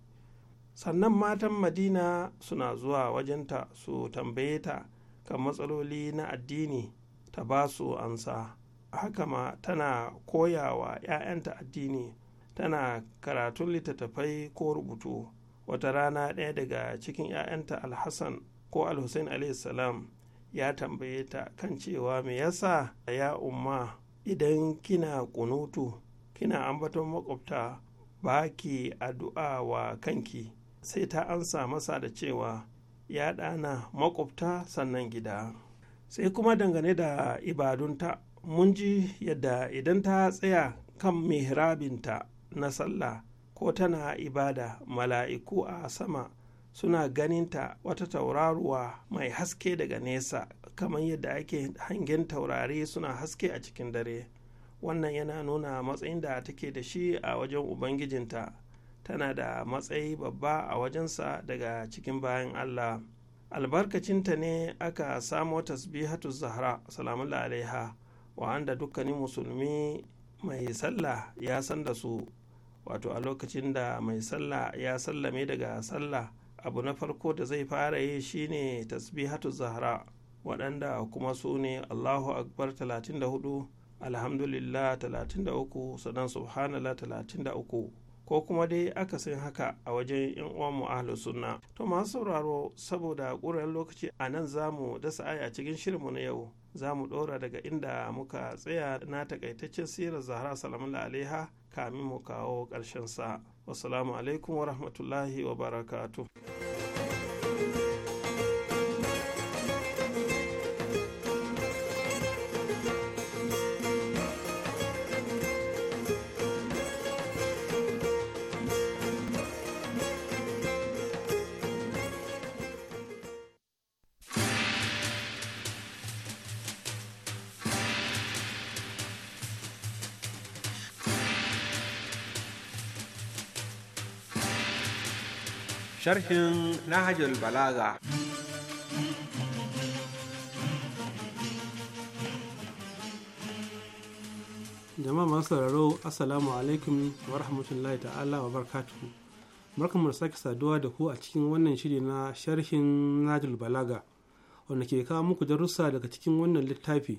sannan matan madina suna zuwa wajenta su tambaye ta kan matsaloli na addini ta ba su ansa haka ma tana koyawa 'ya'yanta addini tana karatun littattafai ko rubutu wata rana ɗaya daga cikin 'ya'yanta alhassan ko alhussein salam ya tambaye ta kan cewa me yasa ya umma idan kina kunutu kina ambaton makwabta ba ki addu'a wa kanki sai ta ansa masa da cewa ya ɗana makwabta sannan gida sai kuma dangane da ibadunta mun ji yadda idan ta tsaya kan mihrabinta na sallah ko tana ibada mala'iku a sama suna ganinta wata tauraruwa mai haske daga nesa kamar yadda ake hangen taurari suna haske a cikin dare wannan yana nuna matsayin da take da shi a wajen ubangijinta tana da matsayi babba a wajensa daga cikin bayan allah albarkacinta ne aka samo tasbihatu zahra salamun alaiha wa'anda dukkanin musulmi mai sallah ya san da su wato a lokacin da mai sallah ya sallame daga sallah abu na farko da zai fara yi shine tasbihatu zahra waɗanda kuma su ne allahu akbar 34 alhamdulillah 33 sannan subhanallah 33 ko kuma dai aka akasin haka a wajen yan uwanmu a sunna to masu sauraro saboda ƙuran lokaci a nan za mu dasa aya cikin shirinmu na yau za mu ɗora daga inda muka tsaya na takaitaccen sirar zahra salamu alaiha kamin mu kawo ƙarshen sa wasu alaikum wa rahmatullahi wa barakatuh sharhin Nahajul Balaga. Jama'a masu sauraro Assalamu alaikum wa rahmatullahi ta'ala wa barkan mu da sake saduwa da ku a cikin wannan shiri na sharhin Nahajul Balaga wanda ke kawo muku darussa daga cikin wannan littafi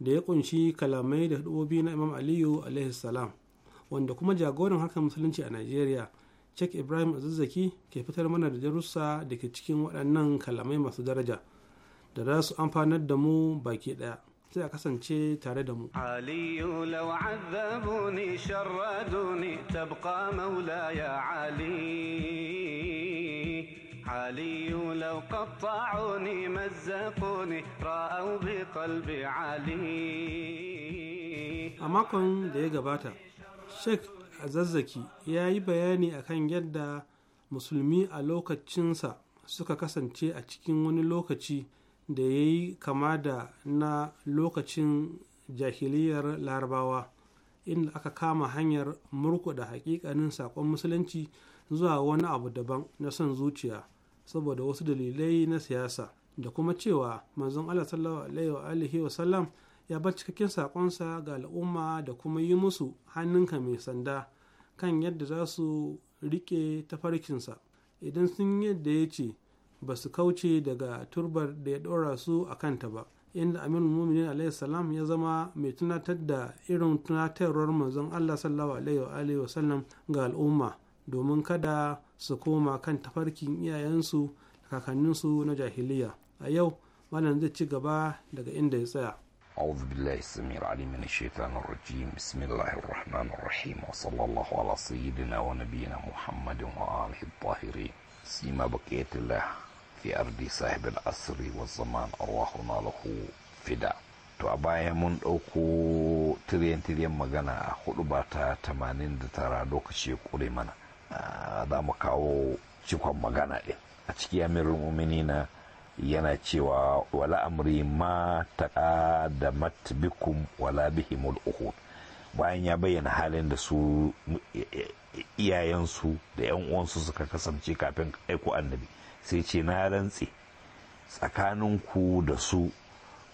da ya kunshi kalamai da hudubobi na Imam Aliyu alaihi salam wanda kuma jagoran harkar musulunci a Najeriya Sheikh Ibrahim Azizzaki ke fitar mana da darussa da ke cikin waɗannan kalamai masu daraja da za su amfanar da mu baki ɗaya. sai a kasance tare da mu. Aliyu law azabuni sharraduni tabqa maulaya Ali Aliyu law qatta'uni mazzaquni ra'aw bi qalbi Ali A makon da ya gabata, Sheikh zazzaki ya yi bayani akan yadda musulmi a lokacinsa suka kasance a cikin wani lokaci da ya yi kama da na lokacin jahiliyar larabawa inda aka kama hanyar murku da hakikanin sakon musulunci zuwa wani abu daban na son zuciya saboda wasu dalilai na siyasa da kuma cewa manzon allah sallallahu alaihi wa sallam ya bar cikakken saƙonsa ga al'umma da kuma yi musu hannunka mai sanda kan yadda za su riƙe tafarkinsa idan sun yadda ya ce ba su kauce daga turbar da ya ɗora su a kanta ba inda amir muminin alayhi salam ya zama mai tunatar da irin tunatarwar manzon allah sallawa alaihi wa sallam ga al'umma domin kada su koma kan tafarkin iyayensu kakanninsu na jahiliya a yau malam zai ci gaba daga inda ya tsaya أعوذ بالله السميع العليم من الشيطان الرجيم بسم الله الرحمن الرحيم وصلى الله على سيدنا ونبينا محمد وآله الطاهرين سيما بقية الله في أرض صاحب الأسر والزمان أرواحنا له فداء to a baya mun ɗauko tiryen-tiryen magana a hudu ba ta 89 lokaci kure mana za mu kawo cikon magana ɗin a ciki amirin umini na yana cewa wala amri ma ta da matbikum wala bihimul uhud bayan ya bayyana halin da su eh, eh, iyayensu da yan uwansu suka kasance kafin aiko annabi sai ce na rantse tsakaninku da su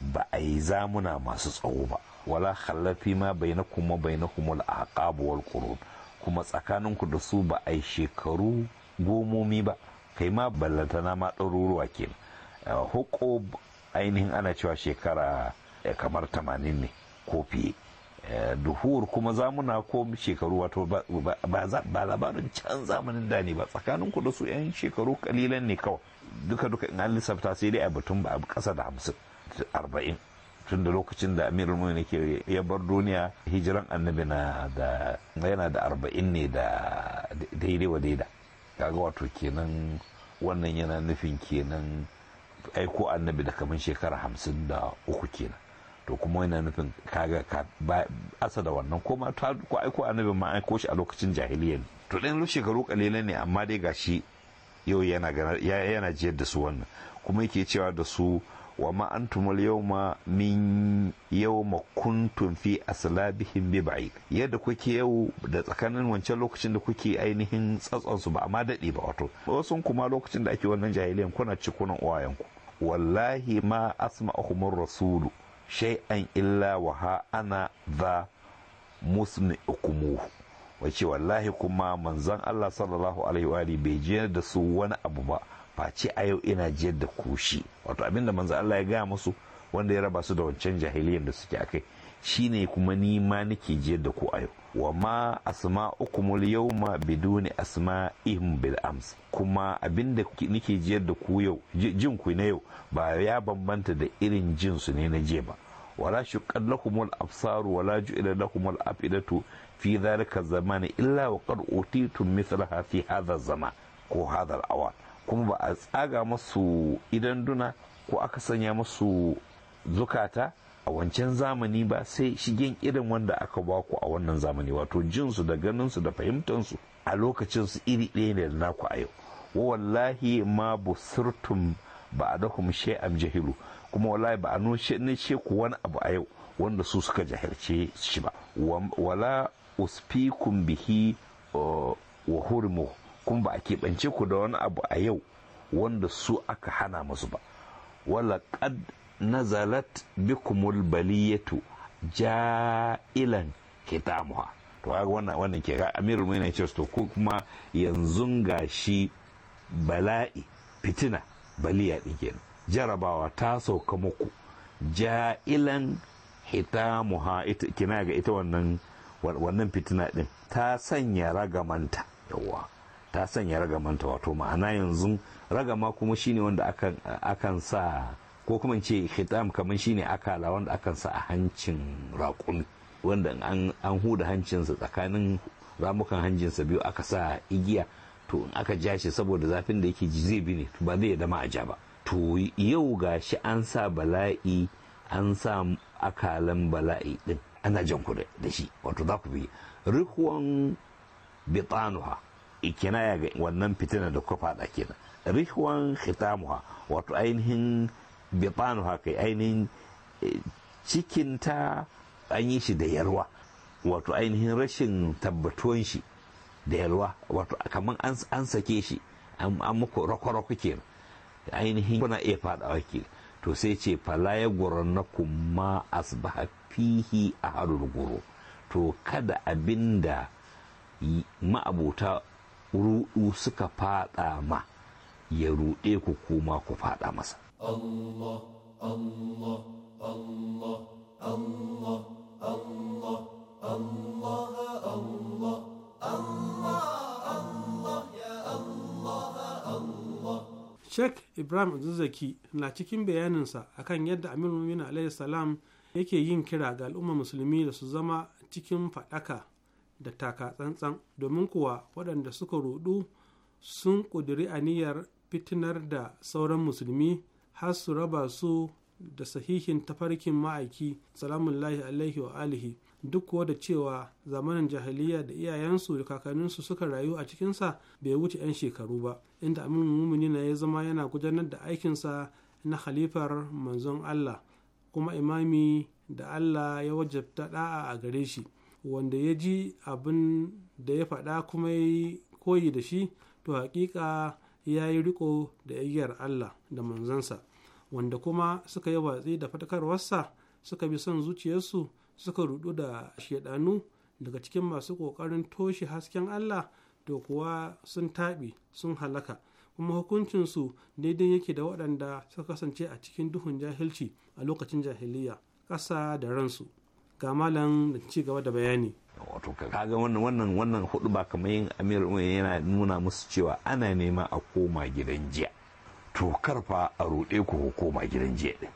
ba a yi zamuna masu tsawo ba wala khallafi ma bainakum bai bainakum al-aqab wal qurun kuma tsakaninku da su ba a yi shekaru gomomi ba kai ma ballantana ma ɗaruruwa kenan Huƙo ainihin ana cewa shekara eh, kamar tamanin ne ko fiye eh, duhur kuma zamuna ko shekaru wato ba labarin can zamanin da ne ba tsakanin ku da su 'yan shekaru kalilan ne kawai duka duka in an lissafta sai dai a batun ba a kasa da hamsin arba'in tun da lokacin da amirul mumin ke ya bar duniya hijiran annabi na da yana da arba'in ne da daidai wa daida kaga wato kenan wannan yana nufin kenan aiko annabi da kamar shekara hamsin da uku kenan to kuma yana nufin kaga ka asa da wannan ko ta ko aiko annabi ma aiko shi a lokacin jahiliya ne to dan shekaru kalilan ne amma dai gashi yau yana yana jiyar da su wannan kuma yake cewa da su wa ma al yawma min yawma kuntum fi aslabihim bi ba'id yadda kuke yau da tsakanin wancan lokacin da kuke ainihin tsatson su ba amma dade ba wato wasu kuma lokacin da ake wannan jahiliyan kuna cikunan ku wallahi ma asma asma'uhumur rasulu shay'an illa wa ha ana za musni ukumuhu wace wallahi kuma manzan Allah sallallahu alaihi wa bai jiyar da su wani abu ba face a yau ina jiyar da kushi wato abinda manzan Allah ya gaya musu wanda ya raba su da wancan jahiliyyar da suke akai shine kuma ni ma nake jiyar da ku a yau wa ma asma ukumul yawma biduni ihim bil ams kuma abinda nake jiyar da ku yau jin ku na yau ba ya bambanta da irin jin su ne na jiya ba wala shuƙar lahumul absaru wala ju'ila lahumul afidatu fi dhalika zaman illa wa qad utitum mithlaha fi hadha zaman ko hadha awan kuma ba a tsaga masu idanduna ko aka sanya masu zukata a wancan zamani ba sai shigen irin wanda aka baku a wannan zamani wato jinsu da ganinsu da fahimtansu a lokacinsu iri ɗaya ne da naku a yau wallahi ma busirtum ba a dakum shay'an jahilu kuma wallahi ba a nushe ku wani abu a yau wanda su suka jahilce shi ba wala uspikum bihi uh, wa hurmu kuma ba a keɓance ku da wani abu a yau wanda su aka hana musu ba wala nazalat bikumul baliyatu ja'ilan kitamuha to kaga wannan wannan ke ga amirul mu'minin ce to ko kuma yanzu gashi bala'i fitina baliya din jarabawa ta sauka muku ja'ilan hitamuha ita kina ga ita wannan wannan fitina din ta sanya ragamanta yawa ta sanya ragamanta wato ma'ana yanzu ragama kuma shine wanda akan akan sa ko kuma ce hitam kamar shine akala wanda akan sa a hancin raƙumi wanda an huda hancinsa tsakanin ramukan hancinsa biyu aka sa igiya to in aka ja saboda zafin da yake ji zai bi ne ba zai dama a ja ba to yau ga shi an sa bala'i an sa akalan bala'i din ana jan ku da shi wato za ku bi rikuwan bitanuha ikinaya ga wannan fitina da kuka faɗa kenan rikuwan khitamuha wato ainihin bifanu haka ainihin eh, cikinta an yi shi da yarwa wato ainihin rashin tabbatuwan shi da yalwa wato kamar an sake shi an muku rakwaraku kenan ainihin kuna iya fadawa ke to sai ce fala ya na kuma asbaha fihi a harin goro to kada abinda ma'abuta ruɗu suka fada ma ya ruɗe ku kuma ku fada masa Allah, Allah, Allah, Allah, Allah, Allah, Allah, Allah, Allah, Allah, Allah. Sheikh Ibrahim Zuzaki na cikin bayaninsa akan yadda Aminu Mumin alayhi salam yake yin kira ga al'umma musulmi da su zama cikin faɗaka da taka tsantsan domin kuwa waɗanda suka rudu sun ƙudiri aniyar fitinar da sauran musulmi har su raba su da sahihin tafarkin ma'aiki salamullahi alaihi wa alihi duk kuwa da cewa zamanin jahiliya da iyayensu da kakanninsu suka rayu a cikinsa bai wuce 'yan shekaru ba inda amin na ya zama yana gudanar da aikinsa na halifar manzon allah kuma imami da allah ya wajabta da'a a gare shi wanda ya ji abin da ya faɗa kuma ya koyi da shi to hakika ya yi riko da igiyar Allah da manzansa wanda kuma suka yi watsi da fatakarwarsa suka bi son zuciyarsu suka rudu da shaidanu daga cikin masu ƙoƙarin toshe hasken Allah to kuwa sun taɓi sun halaka kuma hukuncinsu daidai yake da waɗanda suka kasance a cikin duhun jahilci a lokacin jahiliya ƙasa da ransu ga malam da ci gaba da bayani wato kaga wannan wannan wannan hudu ba kamar yin amir yana nuna musu cewa ana nema a koma gidan jiya to karfa a ruɗe ku koma gidan jiya din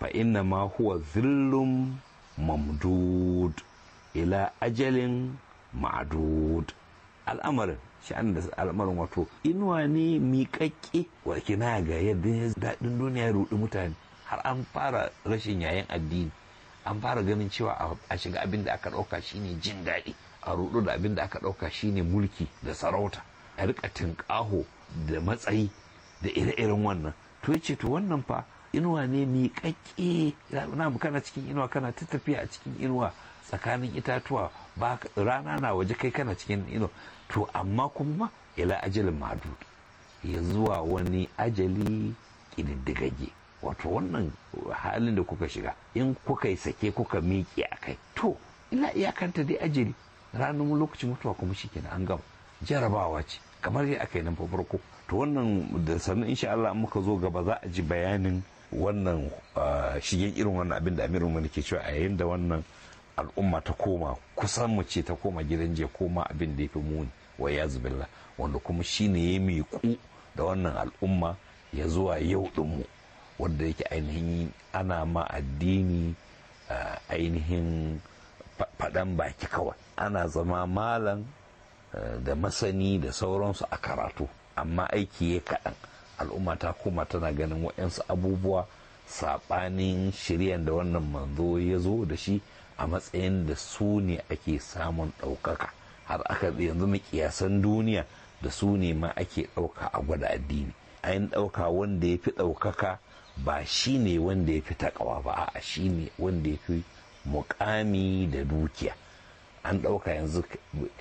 fa inna ma huwa zillum mamdud ila ajalin ma'dud al'amarin sha'anin da al'amarin wato inuwa ne miƙaƙƙe wake na ga yadda daɗin duniya ya ruɗi mutane har an fara rashin yayin addini an fara ganin cewa a shiga abin da aka ɗauka shine jin daɗi a rudu da abin da aka ɗauka shine mulki da sarauta a rika tinƙaho da matsayi da ire-iren wannan to ya ce to wannan fa inuwa ne miƙaƙƙe na kana cikin inuwa kana ta tafiya a cikin inuwa tsakanin itatuwa ba rana na waje kai kana cikin inuwa to amma kuma ila ajalin madu ya zuwa wani ajali ƙididdigagge wato wannan halin da kuka shiga in kuka yi sake kuka miƙe a kai to ina iyakanta dai ajiri ranar lokacin mutuwa kuma shi kenan an gama jarabawa ce kamar yadda aka yi nan farko to wannan da sannan insha Allah muka zo gaba za a ji bayanin wannan shigen irin wannan abin da amirin mu ke cewa a yayin da wannan al'umma ta koma kusan mu ce ta koma gidan jiya koma abin da ya fi muni wa ya zubilla wanda kuma shine ya miƙu da wannan al'umma ya zuwa yau ɗinmu mu wanda yake ainihin ana ma addini ainihin faɗan baki kawai ana zama malam da masani da sauransu a karatu amma aiki ya kaɗan al'umma ta koma tana ganin waɗansu abubuwa saɓanin shiryan da wannan manzo ya zo da shi a matsayin da su ne ake samun ɗaukaka har aka yanzu kiyasan duniya da su ne ma ake ɗauka a gwada addini ayin ɗauka wanda ya fi ɗaukaka ba shi ne wanda ya fi takawa ba a shi ne wanda ya fi mukami da dukiya an ɗauka yanzu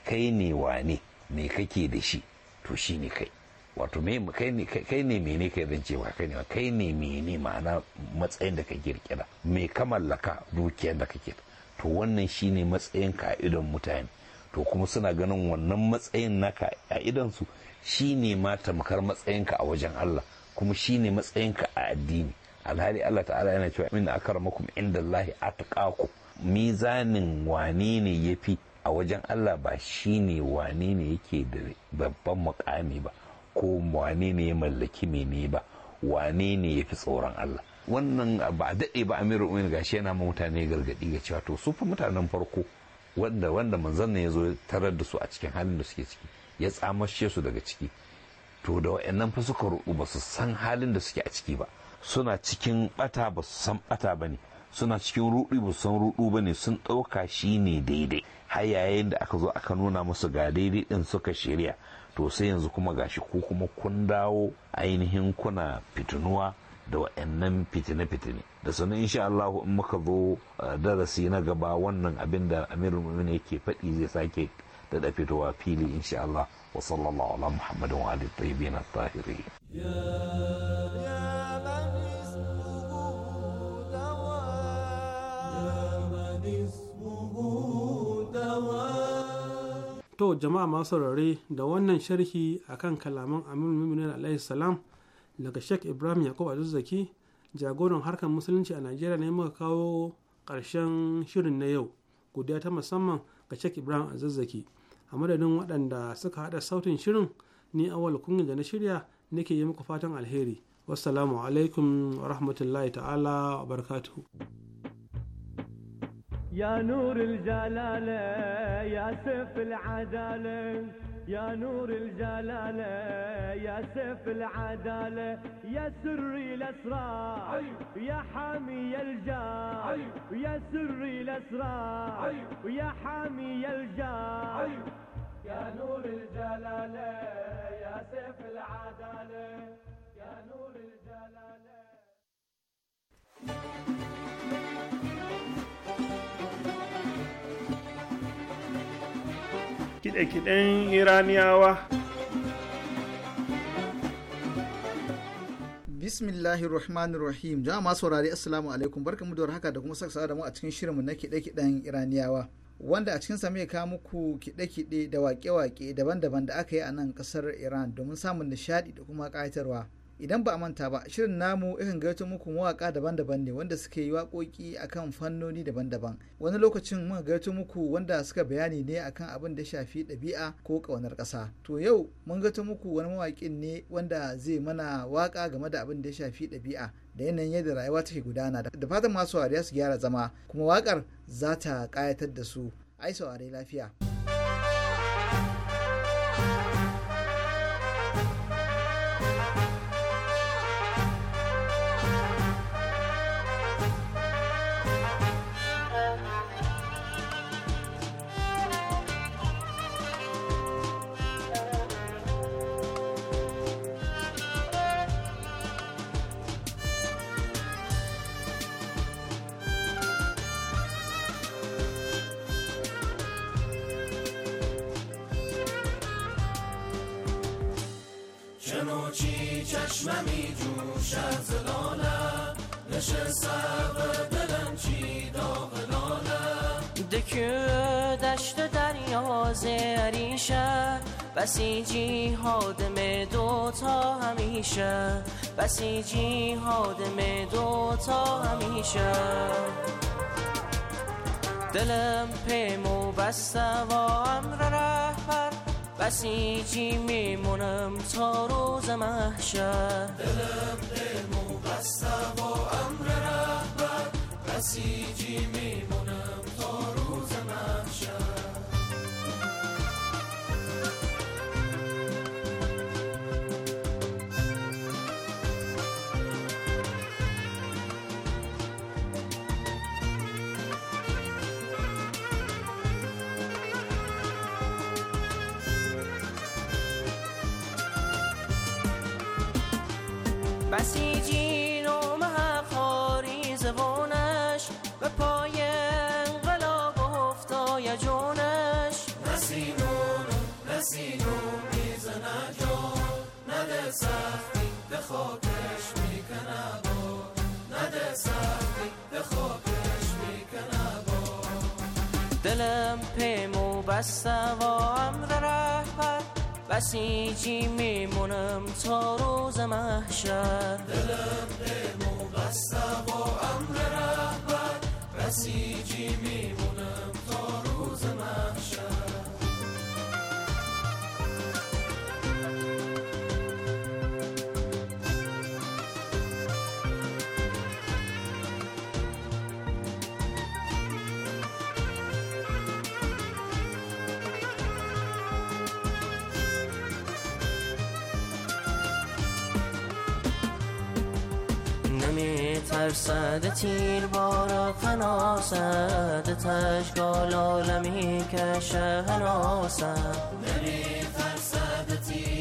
kai ne wane me kake da shi to shi ne kai wato kai ne mene kai zan cewa kai ne kai ne mene ma'ana matsayin da ka kirkira me ka mallaka dukiyar da kake to wannan shi ne matsayin ka idon mutane to kuma suna ganin wannan matsayin naka a idonsu shi ne ma tamkar matsayinka a wajen Allah kuma shi ne matsayinka a addini alhali Allah ta'ala yana cewa min akramakum indallahi atqakum mizanin wane ne yafi a wajen Allah ba shi ne wane ne yake da babban mukami ba ko wane ne ya mallaki mene ba wane ne yafi tsoron Allah wannan ba a daɗe ba amiru umar gashi yana ma mutane gargadi ga cewa to su fa mutanen farko wanda wanda manzon ne ya zo tarar da su a cikin halin da suke ciki ya tsamashe su daga ciki to da wa'annan fa suka ruɗu ba su san halin da suke a ciki ba suna cikin bata ba su san bata ba ne suna cikin ruɗu ba su san ruɗu ba ne sun ɗauka shi ne daidai har yayin da aka zo aka nuna musu ga daidai ɗin suka shirya to sai yanzu kuma gashi ko kuma kun dawo ainihin kuna fitinuwa da wa'annan fitine-fitine da sannan insha Allah in muka zo eh, darasi na gaba wannan abin da amirul mu'minin yake faɗi zai sake da fitowa fili insha Allah wa sallallahu ala Muhammadin wa alihi tayyibin at To jama'a masu saurari da wannan sharhi akan kalaman Amin Miminin Alayhi salam daga Sheikh Ibrahim Yakub Azuzaki jagoran harkar musulunci a Najeriya ne muka kawo ƙarshen shirin na yau. Godiya ta musamman ga Sheikh Ibrahim Azuzaki. a madadin waɗanda suka haɗa sautin shirin ni awal kunyar da na shirya nake yi muku fatan alheri wassalamu alaikum wa rahmatullahi ta'ala wa barakatuhu ya nuril jalale ya sifil adalin يا نور الجلالة يا سيف العدالة يا سري الأسرار يا حامي الجار يا سري الأسرار يا حامي الجار يا نور الجلالة يا سيف العدالة يا نور الجلالة kiɗe-kiɗen iraniyawa bismillahir rahmanir rahim jama'a masu saurari assalamu alaikum barkamu da haka da kuma saka da mu a cikin shirinmu na kiɗe-kiɗen iraniyawa wanda a cikin mai kawo muku kiɗe-kiɗe da waƙe-waƙe daban-daban da aka yi a nan kasar iran domin samun nishaɗi da kuma ƙayatarwa idan ba a manta ba shirin namu yakan gaito muku mawaka daban-daban ne wanda suke yi waƙoƙi akan fannoni daban-daban wani lokacin muka gaito muku wanda suka bayani ne akan abin da shafi ɗabi'a ko ƙaunar ƙasa to yau mun gaito muku wani mawaƙin ne wanda zai mana waƙa game da abin da shafi ɗabi'a da yanayin yadda rayuwa take gudana da fatan masu wariya su gyara zama kuma waƙar za ta ƙayatar da su ai saurare lafiya. نشسته و دلم چی دکه دشت دریا بسیجی حادم دو تا همیشه بسیجی حادم دو تا همیشه دلم و بسته و امر رهبر بسیجی میمونم تا روز محشه دلم السبع أمر رهبر بسیجی می ساقی دخوکش میکنه با دلم پیمو بسته و امر رهبر بسیجی میمونم تا روز محشر دلم پیمو بسته و امر رهبر بسیجی میمونم تا روز محشر درصد تیر بارا فنا سد تشگال عالمی که شهنا سد نمی فرصد تیر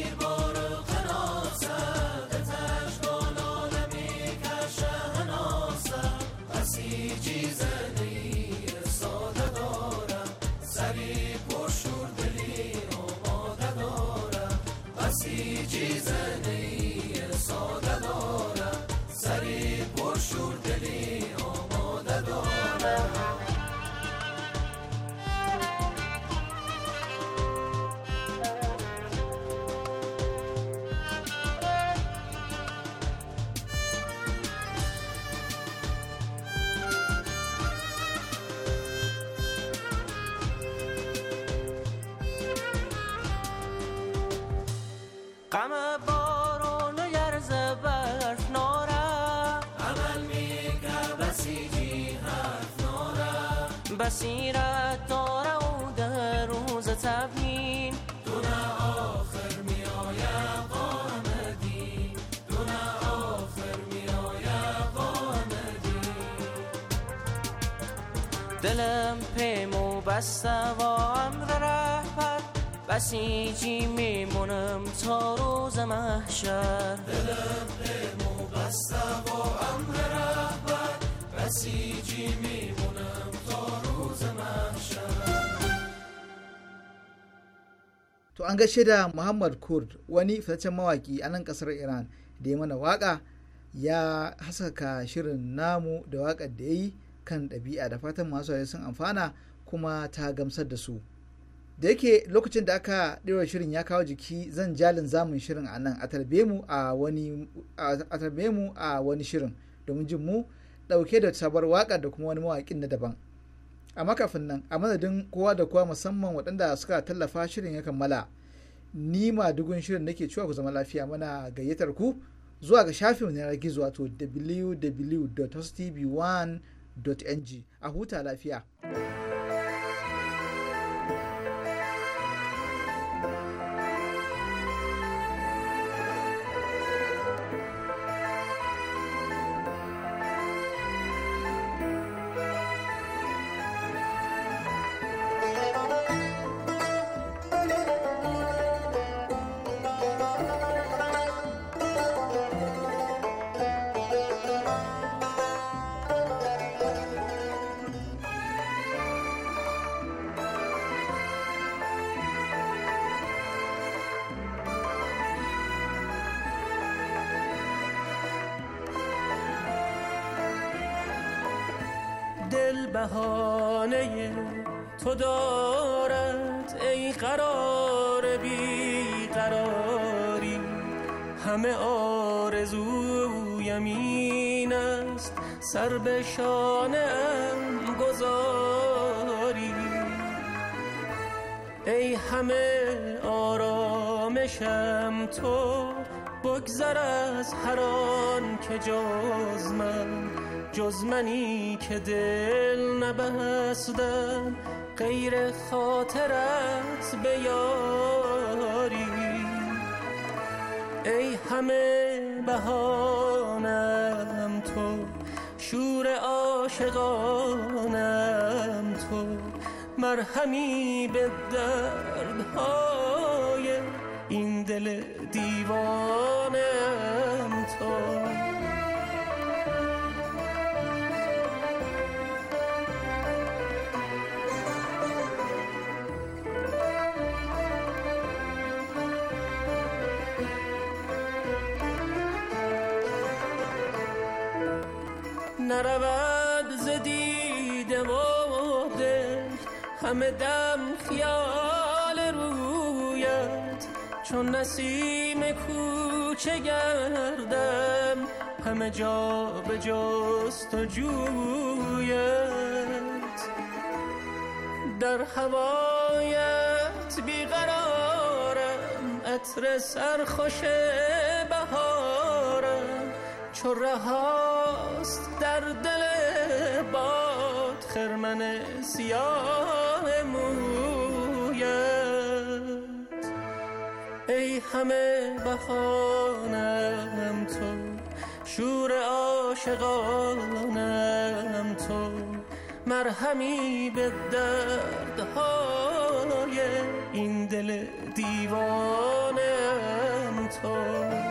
غم بارون و یرز برف ناره عمل میگه بسیجی حرف ناره بسیرت داره و در روز تبین دونه آخر می آید قامدی دونه آخر می آید قامدی دلم پیم و بسیجی میمونم تا روز محشر دلم مقصد و امر رهبر بسیجی میمونم تا روز محشر To an gaishe da Muhammad Kurd wani fitaccen mawaki a nan kasar Iran da ya mana waka ya hasaka shirin namu da waƙar da ya yi kan ɗabi'a da fatan masu sun amfana kuma ta gamsar da su. da yake lokacin da aka ɗora shirin ya kawo jiki zan jalin zamun shirin a nan a tarbe mu a wani shirin domin jin mu ɗauke da sabar waka da kuma wani mawaƙin na daban amma kafin nan a madadin kowa da kowa musamman waɗanda suka tallafa shirin ya kammala ni ma dugun shirin nake cewa ku zama lafiya mana gayyatar ku zuwa ga shafin na gizo wato wwwtv 1ng a huta lafiya. همه آرامشم تو بگذر از هران که جز من جز منی که دل نبستم غیر خاطرت بیاری ای همه بهانم تو شور عاشقانم تو مرهمی به دردهای این دل دیوانم تو همه دم خیال رویت چون نسیم کوچه گردم همه جا به جست و جویت در هوایت بیقرارم سر خوش بهارم چو رهاست در دل باد خرمن سیاه راه ای همه بخانم تو شور عاشقانم تو مرهمی به دردهای این دل دیوانم تو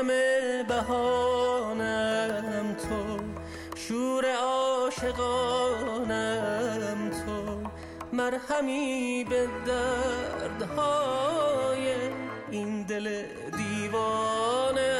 همه بهانم تو شور عاشقانم تو مرهمی به دردهای این دل دیوانه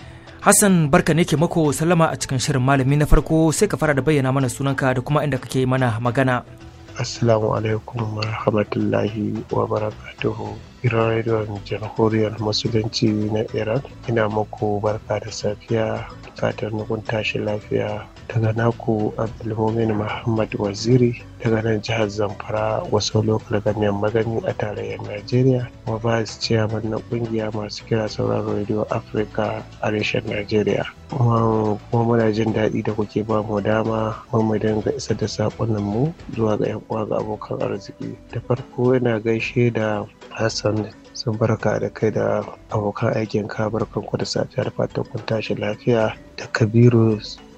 Hassan barka ne ke mako sallama a cikin shirin malami na farko sai ka fara da bayyana mana sunanka da kuma inda kake mana magana. Assalamu alaikum wa rahmatullahi wa barakatuhu. Iran rediyon jamhuriyar musulunci na Iran ina mako, barka da safiya fatan kun tashi lafiya daga naku abdulmumin muhammad waziri daga nan jihar zamfara wasu lokal ganyen magani a tarayyar najeriya kuma su chairman na kungiya masu kira sauraron radio Afirka a reshen najeriya kuma muna jin daɗi da kuke ba mu dama mu dinga isa da saƙonan mu zuwa ga yan uwa ga abokan arziki da farko yana gaishe da hassan sun barka da kai da abokan aikin ka barkanku da safiyar fatan kun tashi lafiya da kabiru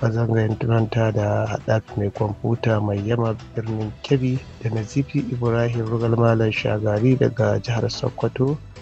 ba zan da haɗaf mai kwamfuta mai yama birnin kebbi da nazifi ibrahim rugal malam shagari daga jihar sokoto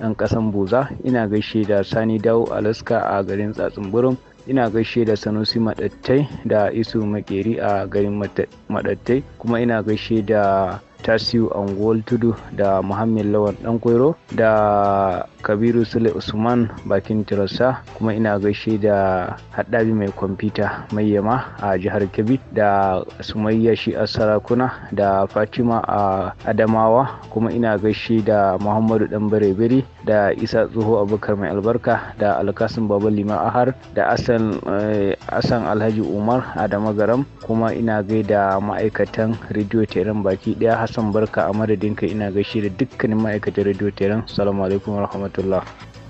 yan ƙasan Boza ina gaishe da Sani Dawo Alaska a garin Tsatsunburum ina gaishe da Sanusi Madattai da Isu Makeri a garin Madattai kuma ina gaishe da tasiu angol tudu da muhammed lawan dan kwairo da kabiru sule usman bakin tirasa kuma ina gaishe da haɗabi mai kwamfuta mai yama a jihar kebbi da sumayya shi a sarakuna da fatima a adamawa kuma ina gaishe da muhammadu dan bare da isa tsoho abubakar mai albarka da alkasin baba lima ahar da asan eh, alhaji umar adama garam kuma ina gaida ma'aikatan rediyo teran baki daya Hassan Barka a madadinka ina gaishe da dukkanin ma'aikatan Radio Tehran. salamu alaikum wa rahmatullah.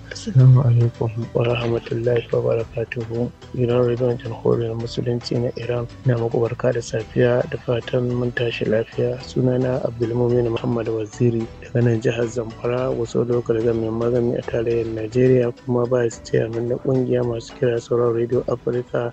Assalamu alaikum wa rahmatullahi wa barakatuhu. Gidan rediyon jamhuriyar musulunci na Iran na muku barka da safiya da fatan mun tashi lafiya. Sunana Abdulmumin Muhammad Waziri daga nan jihar Zamfara wasu lokal gamin magani a tarayyar Najeriya kuma ba su ce na kungiya masu kira sauran rediyo Afirka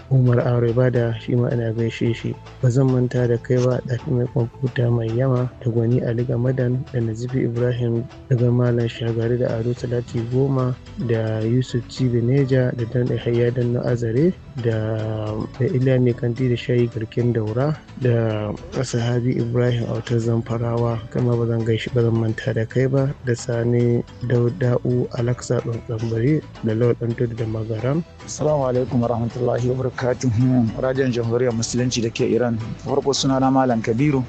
Umar Aure da shi ma ina gaishe shi. Ba zan manta da kai ba ɗafi mai kwamfuta mai yama da gwani Ali Gamadan da Nazifi Ibrahim daga Malam Shagari da Ado Salati Goma da Yusuf Cibineja da Dan Yahaya Dan na Azare da ila mai kanti da shayi garkin daura da sahabi ibrahim autar zamfarawa kama ba zan gaishi ba manta da kai ba da sani dauda'u alaksa tsambari da lawal tudu da magaram assalamu alaikum warahmatullahi wabarakatuh radiyon jamhuriyar musulunci da ke iran farko suna na malam kabiru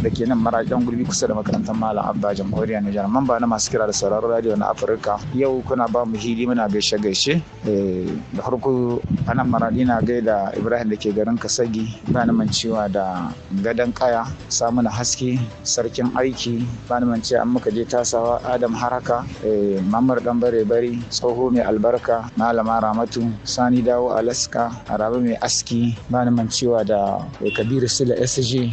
da ke nan marajan gurbi kusa da makarantar malam abba jamhuriyar nijar mamba na masu kira da sauraron radio na afirka yau kuna ba mu hili muna gaishe gaishe eh, da farko a nan na gai da Ibrahim da ke garin Kasagi ba bani cewa da gadon kaya samuna haske sarkin aiki ba ni mancewa an muka je tasawa Adam Haraka eh, Mamar dan bare bari tsoho mai albarka malama Ramatu Sani Dawo Alaska Arabi mai aski ba bani cewa da eh, Kabiru Sula SG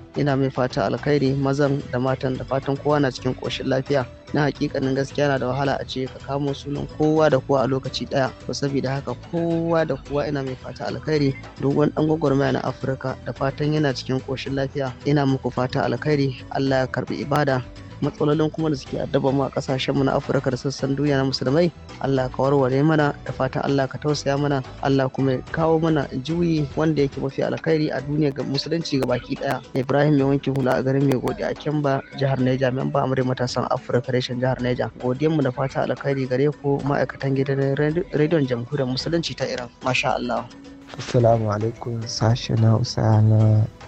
ina mai fata alkhairi mazan da matan da fatan kowa na cikin koshin lafiya na hakikanin gaskiya na da wahala a ce ka kamo sunan kowa da kowa a lokaci ɗaya to saboda haka kowa da kowa ina mai fata alkhairi duk wani dan gwagwarmaya na afirka da fatan yana cikin koshin lafiya ina muku fata alkhairi allah ya karbi ibada matsalolin kuma da suke addaba mu a kasashen mu na Afirka da sassan duniya na musulmai Allah ka warware mana da fatan Allah ka tausaya mana Allah kuma ya kawo mana juyi wanda yake mafi alkhairi a duniya ga musulunci ga baki daya Ibrahim mai wanki hula a garin mai gode a Kemba jihar Neja memba amurai matasan Afirka reshen jihar Neja godiyan mu da fatan alkhairi gare ku ma'aikatan gidan rediyon jamhuriyar musulunci ta Iran masha Allah Assalamu alaikum sashen Hausa na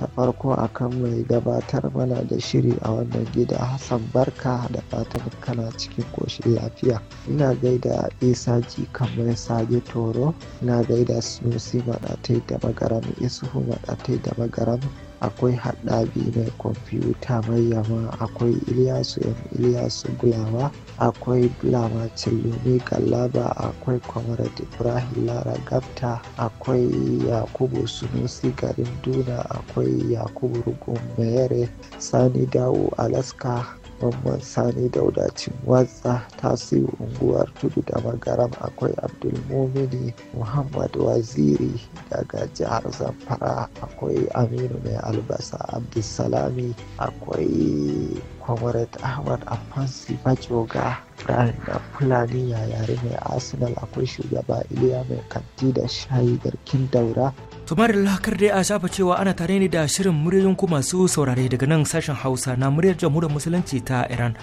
ta farko akan mai gabatar mana da shiri a wannan gida hassan barka da fatan kana cikin koshin lafiya ina gaida isa ji kamar sage toro ina gaida sunusi maɗatai da magaram isuhu maɗatai da magaram akwai haɗabi mai kwamfuta mai yama akwai iliyasu yan iliyasu gulawa akwai lamatin kalaba akwai comrade ibrahim lara gabta akwai yakubu sunusi garin duna akwai yakubu rugun mayere sani dawo alaska Mamman Sani Daudacin Watsa tasiri unguwar tudu da magaram akwai Abdulmumini Muhammad Waziri daga jihar Zamfara akwai Aminu Mai Albasa Abdulsalami akwai favorite ahmad afansi bajoga brian da fulani yare mai arsenal akwai shugaba iliya mai kanti da shayi garkin daura tumar lakar dai a shafa cewa ana tare ne da shirin muryoyin masu saurare daga nan sashen hausa na muryar jamhuriyar musulunci ta iran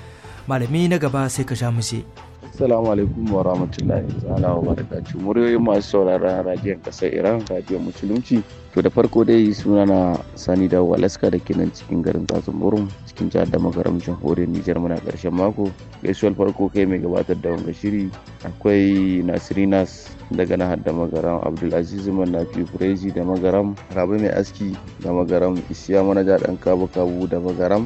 malami na gaba sai ka sha mushe. Assalamu alaikum wa rahmatullahi ta'ala wa barakatuh. Muryoyin masu sauraron radiyon kasar Iran, radiyon musulunci. To da farko dai suna na Sani da walaska da kinan cikin garin Tsatsun cikin jihar da magaram jamhuriyar Nijar muna karshen mako. Gaisuwar farko kai mai gabatar da wanga shiri akwai Nasirinas daga nahar da magaram Abdulaziz Manafi Furezi da magaram Rabi Mai Aski da magaram Isiya Manaja Dan Kabu Kabu da magaram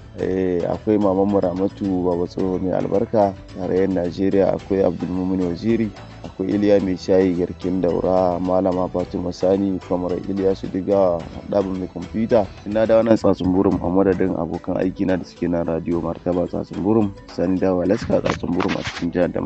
Eh, akwai maman muramatu baba tsoho mai albarka tarayyar najeriya akwai abdulmumin waziri akwai iliya mai shayi garkin daura malama fatima sani kamar iliya su diga ɗabin mai kwamfuta ina da wannan tsatsun burin a madadin abokan aiki na da suke na radio martaba tsatsun burin sani dawa laska tsatsun burin a cikin jihar da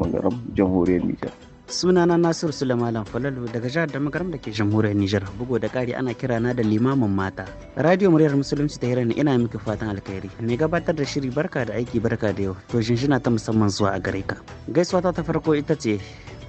jamhuriyar nijar sunana nasiru sulaiman falalu daga jihar damagaram da ke jamhuriyar nijar bugu da kari ana kira na da limamin mata radio muryar musulunci ta hirani ina miki fatan alkhairi mai gabatar da shiri barka da aiki barka da yau to shinshina ta musamman zuwa a gare ka gaisuwa ta farko ita ce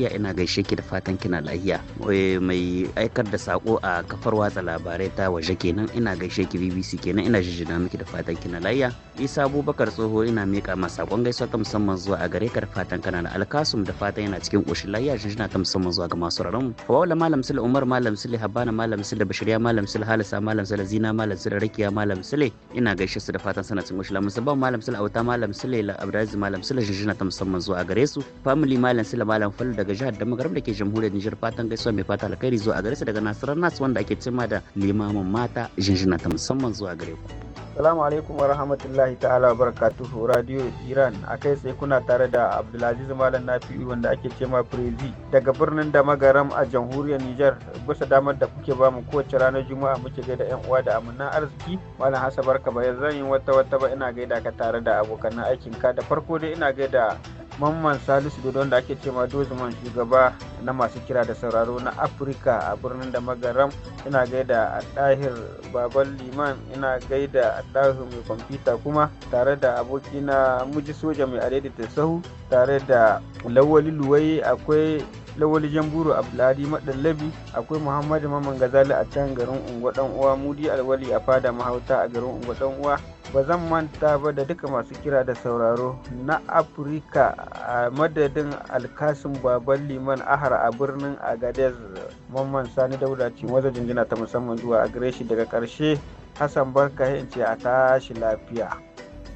murya ina gaishe ki da fatan kina lahiya eh, mai aikar da sako a kafar watsa labarai ta waje kenan ina gaishe ki BBC kenan ina jijjina miki da fatan kina lahiya Isa Abubakar tsoho ina mika ma sakon gaisuwa ta musamman zuwa a gare ka da fatan kana da alkasum da fatan yana cikin koshin lahiya jijjina ta musamman zuwa ga masu raron Hawaula Malam Sule Umar Malam Sule Habana Malam Sule Bashiriya Malam Sule Halisa Malam Sule Zina Malam Sule Rakiya Malam Sule ina gaishe su da fatan sana cikin koshin lahiya musamman Malam Sule Auta Malam Sule Abdulaziz Malam Sule jijjina ta musamman zuwa a gare su family Malam Sule Malam Fal daga daga jihar da da ke jamhuriyar Nijar fatan gaisuwa mai fata alkhairi zuwa a garisa daga Nasarar Nas wanda ake cema da limamin mata jinjina ta musamman zuwa gare ku. Salamu alaikum wa rahmatullahi ta'ala wa barakatuhu Radio Iran a kai sai kuna tare da Abdulaziz Malam Nafi'u wanda ake cema Prezi daga birnin da a jamhuriyar Nijar bisa damar da kuke ba mu kowace ranar Juma'a muke gaida yan uwa da amina arziki Malam Hassan barka bayan zan yi wata wata ba ina gaida ka tare da abokan aikin ka da farko dai ina gaida Mamman Salisu Dodo da ake cewa Dozman shugaba na masu kira da sauraro na Afirka a birnin da magaram ina gaida a ɗahir baban liman ina gaida a ɗahir mai kwamfuta kuma tare da abokina muji soja mai adaidaita sahu tare da lawali luwai akwai lawali jamburu abdulhadi madallabi akwai muhammadu mamman gazali a can garin unguwa dan uwa mudi alwali a fada mahauta a garin unguwa dan uwa ba zan manta ba da duka masu kira da sauraro na afirka a madadin alkasin baban liman ahar a birnin agadez mamman sani dauda ce wajen jinjina ta musamman zuwa a gare daga karshe hassan barka ce a tashi lafiya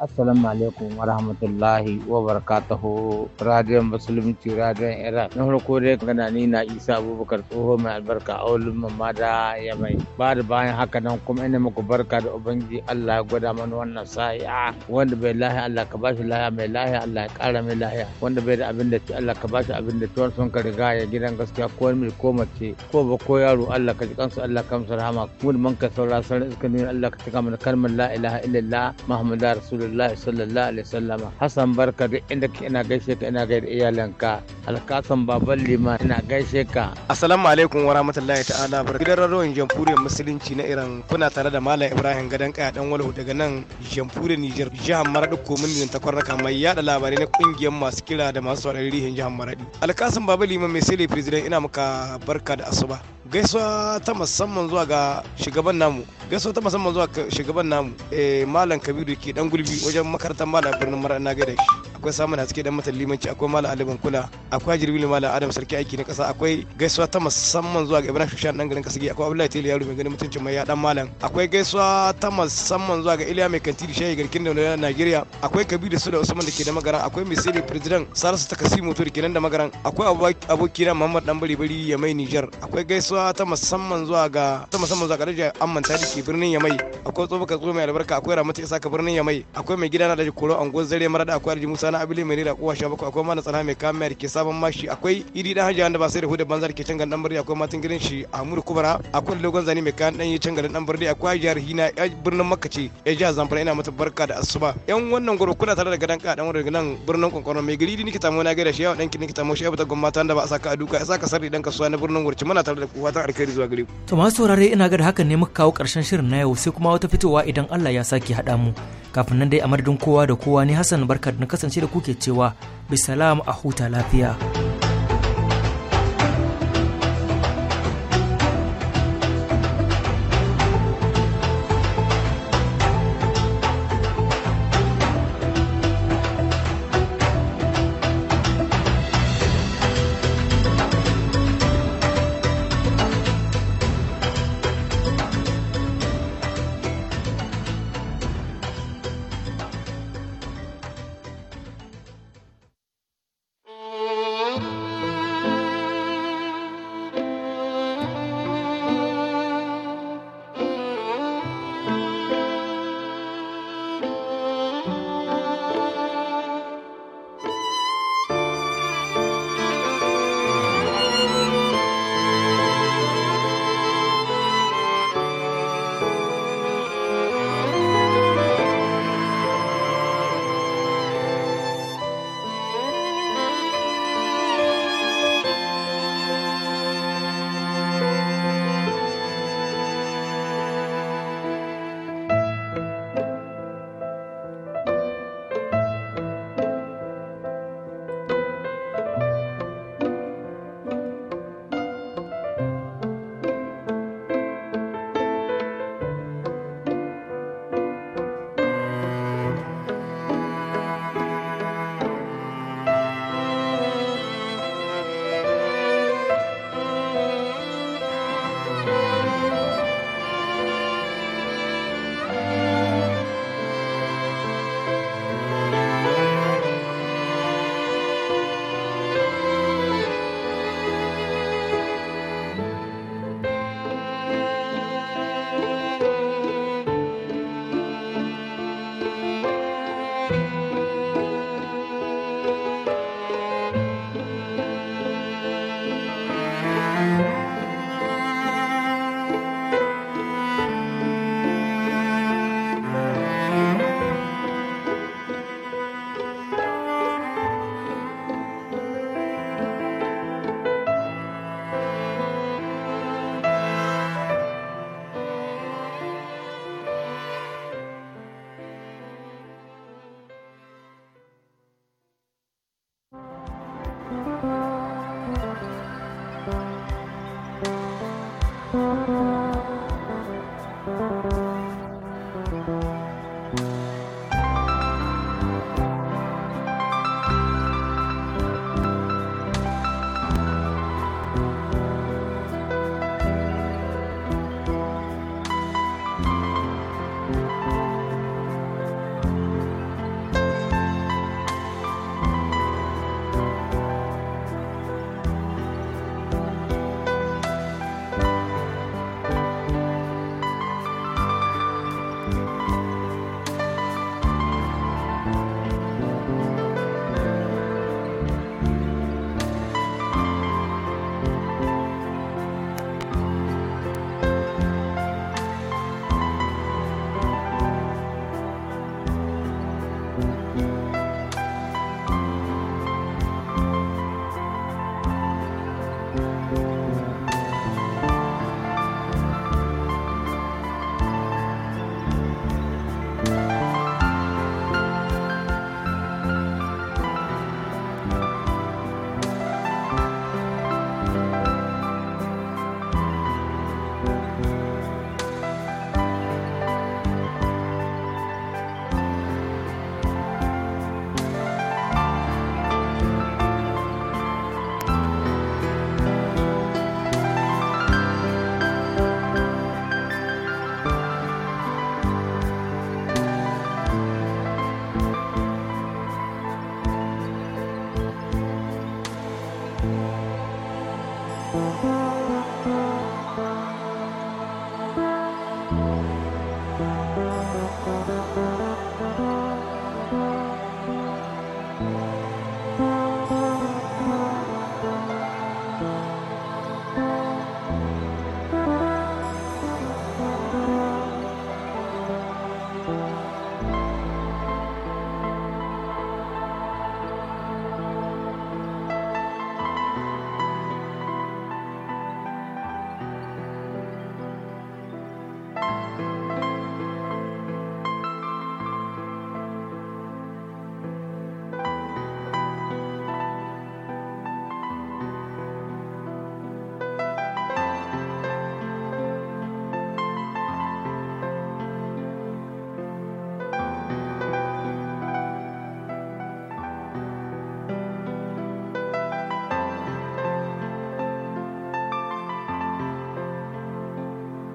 assalamu alaikum wa rahmatullahi wa barakatuhu radiyon musulunci radiyon iraq na farko dai magana ni na isa abubakar tsoho mai albarka a wulin mamma da ya mai ba da bayan haka nan kuma ina muku barka da ubangiji allah ya gwada mana wannan sa'i'a wanda bai lahiya allah ka bashi lahiya mai lahiya allah ya kara mai lahiya wanda bai da abin da ci allah ka bashi abin da ci wani sun ka riga ya gidan gaskiya ko wani ko mace ko ba ko yaro allah ka ji kansu allah ka musu rahama man ka iska ne allah ka mana kalmar la ilaha illallah muhammadu rasulullah rasulullahi sallallahu alaihi wasallama hassan barka duk inda ina gaishe ka ina gaida iyalanka alkasan baban liman ina gaishe ka assalamu alaikum wa rahmatullahi ta'ala barka gidan rarrawan jamhuriyar musulunci na iran kuna tare da malam ibrahim gadan kaya dan walau daga nan jamhuriyar niger jihar maradi komin ta kwarraka mai yada labarai na kungiyar masu kira da masu sauraron rihin jihar maradi alkasan baban liman mai sele president ina maka barka da asuba gaisuwa ta musamman zuwa ga shugaban namu gaisuwa ta musamman zuwa ga shugaban namu eh malam kabiru ke dan gulbi wajen makarantar malam birnin mara na gaida shi akwai samun haske dan matan limanci akwai malam alibin kula akwai jirbili malam adam sarki aiki na kasa akwai gaisuwa ta musamman zuwa ga ibrahim shushan dan garin kasige akwai abdullahi tele yaro mai ganin mutuncin mai ya dan malam akwai gaisuwa ta musamman zuwa ga iliya mai kantiri shayi garkin da na nigeria akwai kabiru su da usman da ke da magaran akwai misiri president salisu ta kasimu to da ke nan da magaran akwai abokina muhammad dan bari bari ya mai niger akwai gaisuwa gaisuwa ta musamman zuwa ga ta musamman zuwa ga Raja Amman ta dake birnin Yamai akwai tsofaka tso mai albarka akwai Ramatu Isa ka birnin Yamai akwai mai gidana da Koro Angon Zare Marada akwai Arji Musa na Abili mai rira kowa shabako akwai Mana Tsana mai kamar ke sabon mashi akwai Idi dan Hajiya wanda ba sai da hudu banzar ke cangan dan birni akwai Matin gidan shi Amuru Kubara akwai Logon Zani mai kayan dan yi cangan dan birni akwai Jihar Hina birnin Makace ya jihar Zamfara ina mata barka da asuba yan wannan goro kuna tare da gadan ka dan wurin nan birnin Konkono mai gari ni kitamo na gaida shi yau dan ki ni kitamo shi ya fita gwamnati da ba a saka a duka ya saka sarri dan kasuwa na birnin Gurci muna tare da kowa fatan alkhairi zuwa gare ku to masu saurare ina ga da hakan ne muka kawo karshen shirin na yau sai kuma wata fitowa idan Allah ya saki haɗa mu kafin nan dai a madadin kowa da kowa ne Hassan barka na kasance da kuke cewa bisalam a huta lafiya Mm-hmm.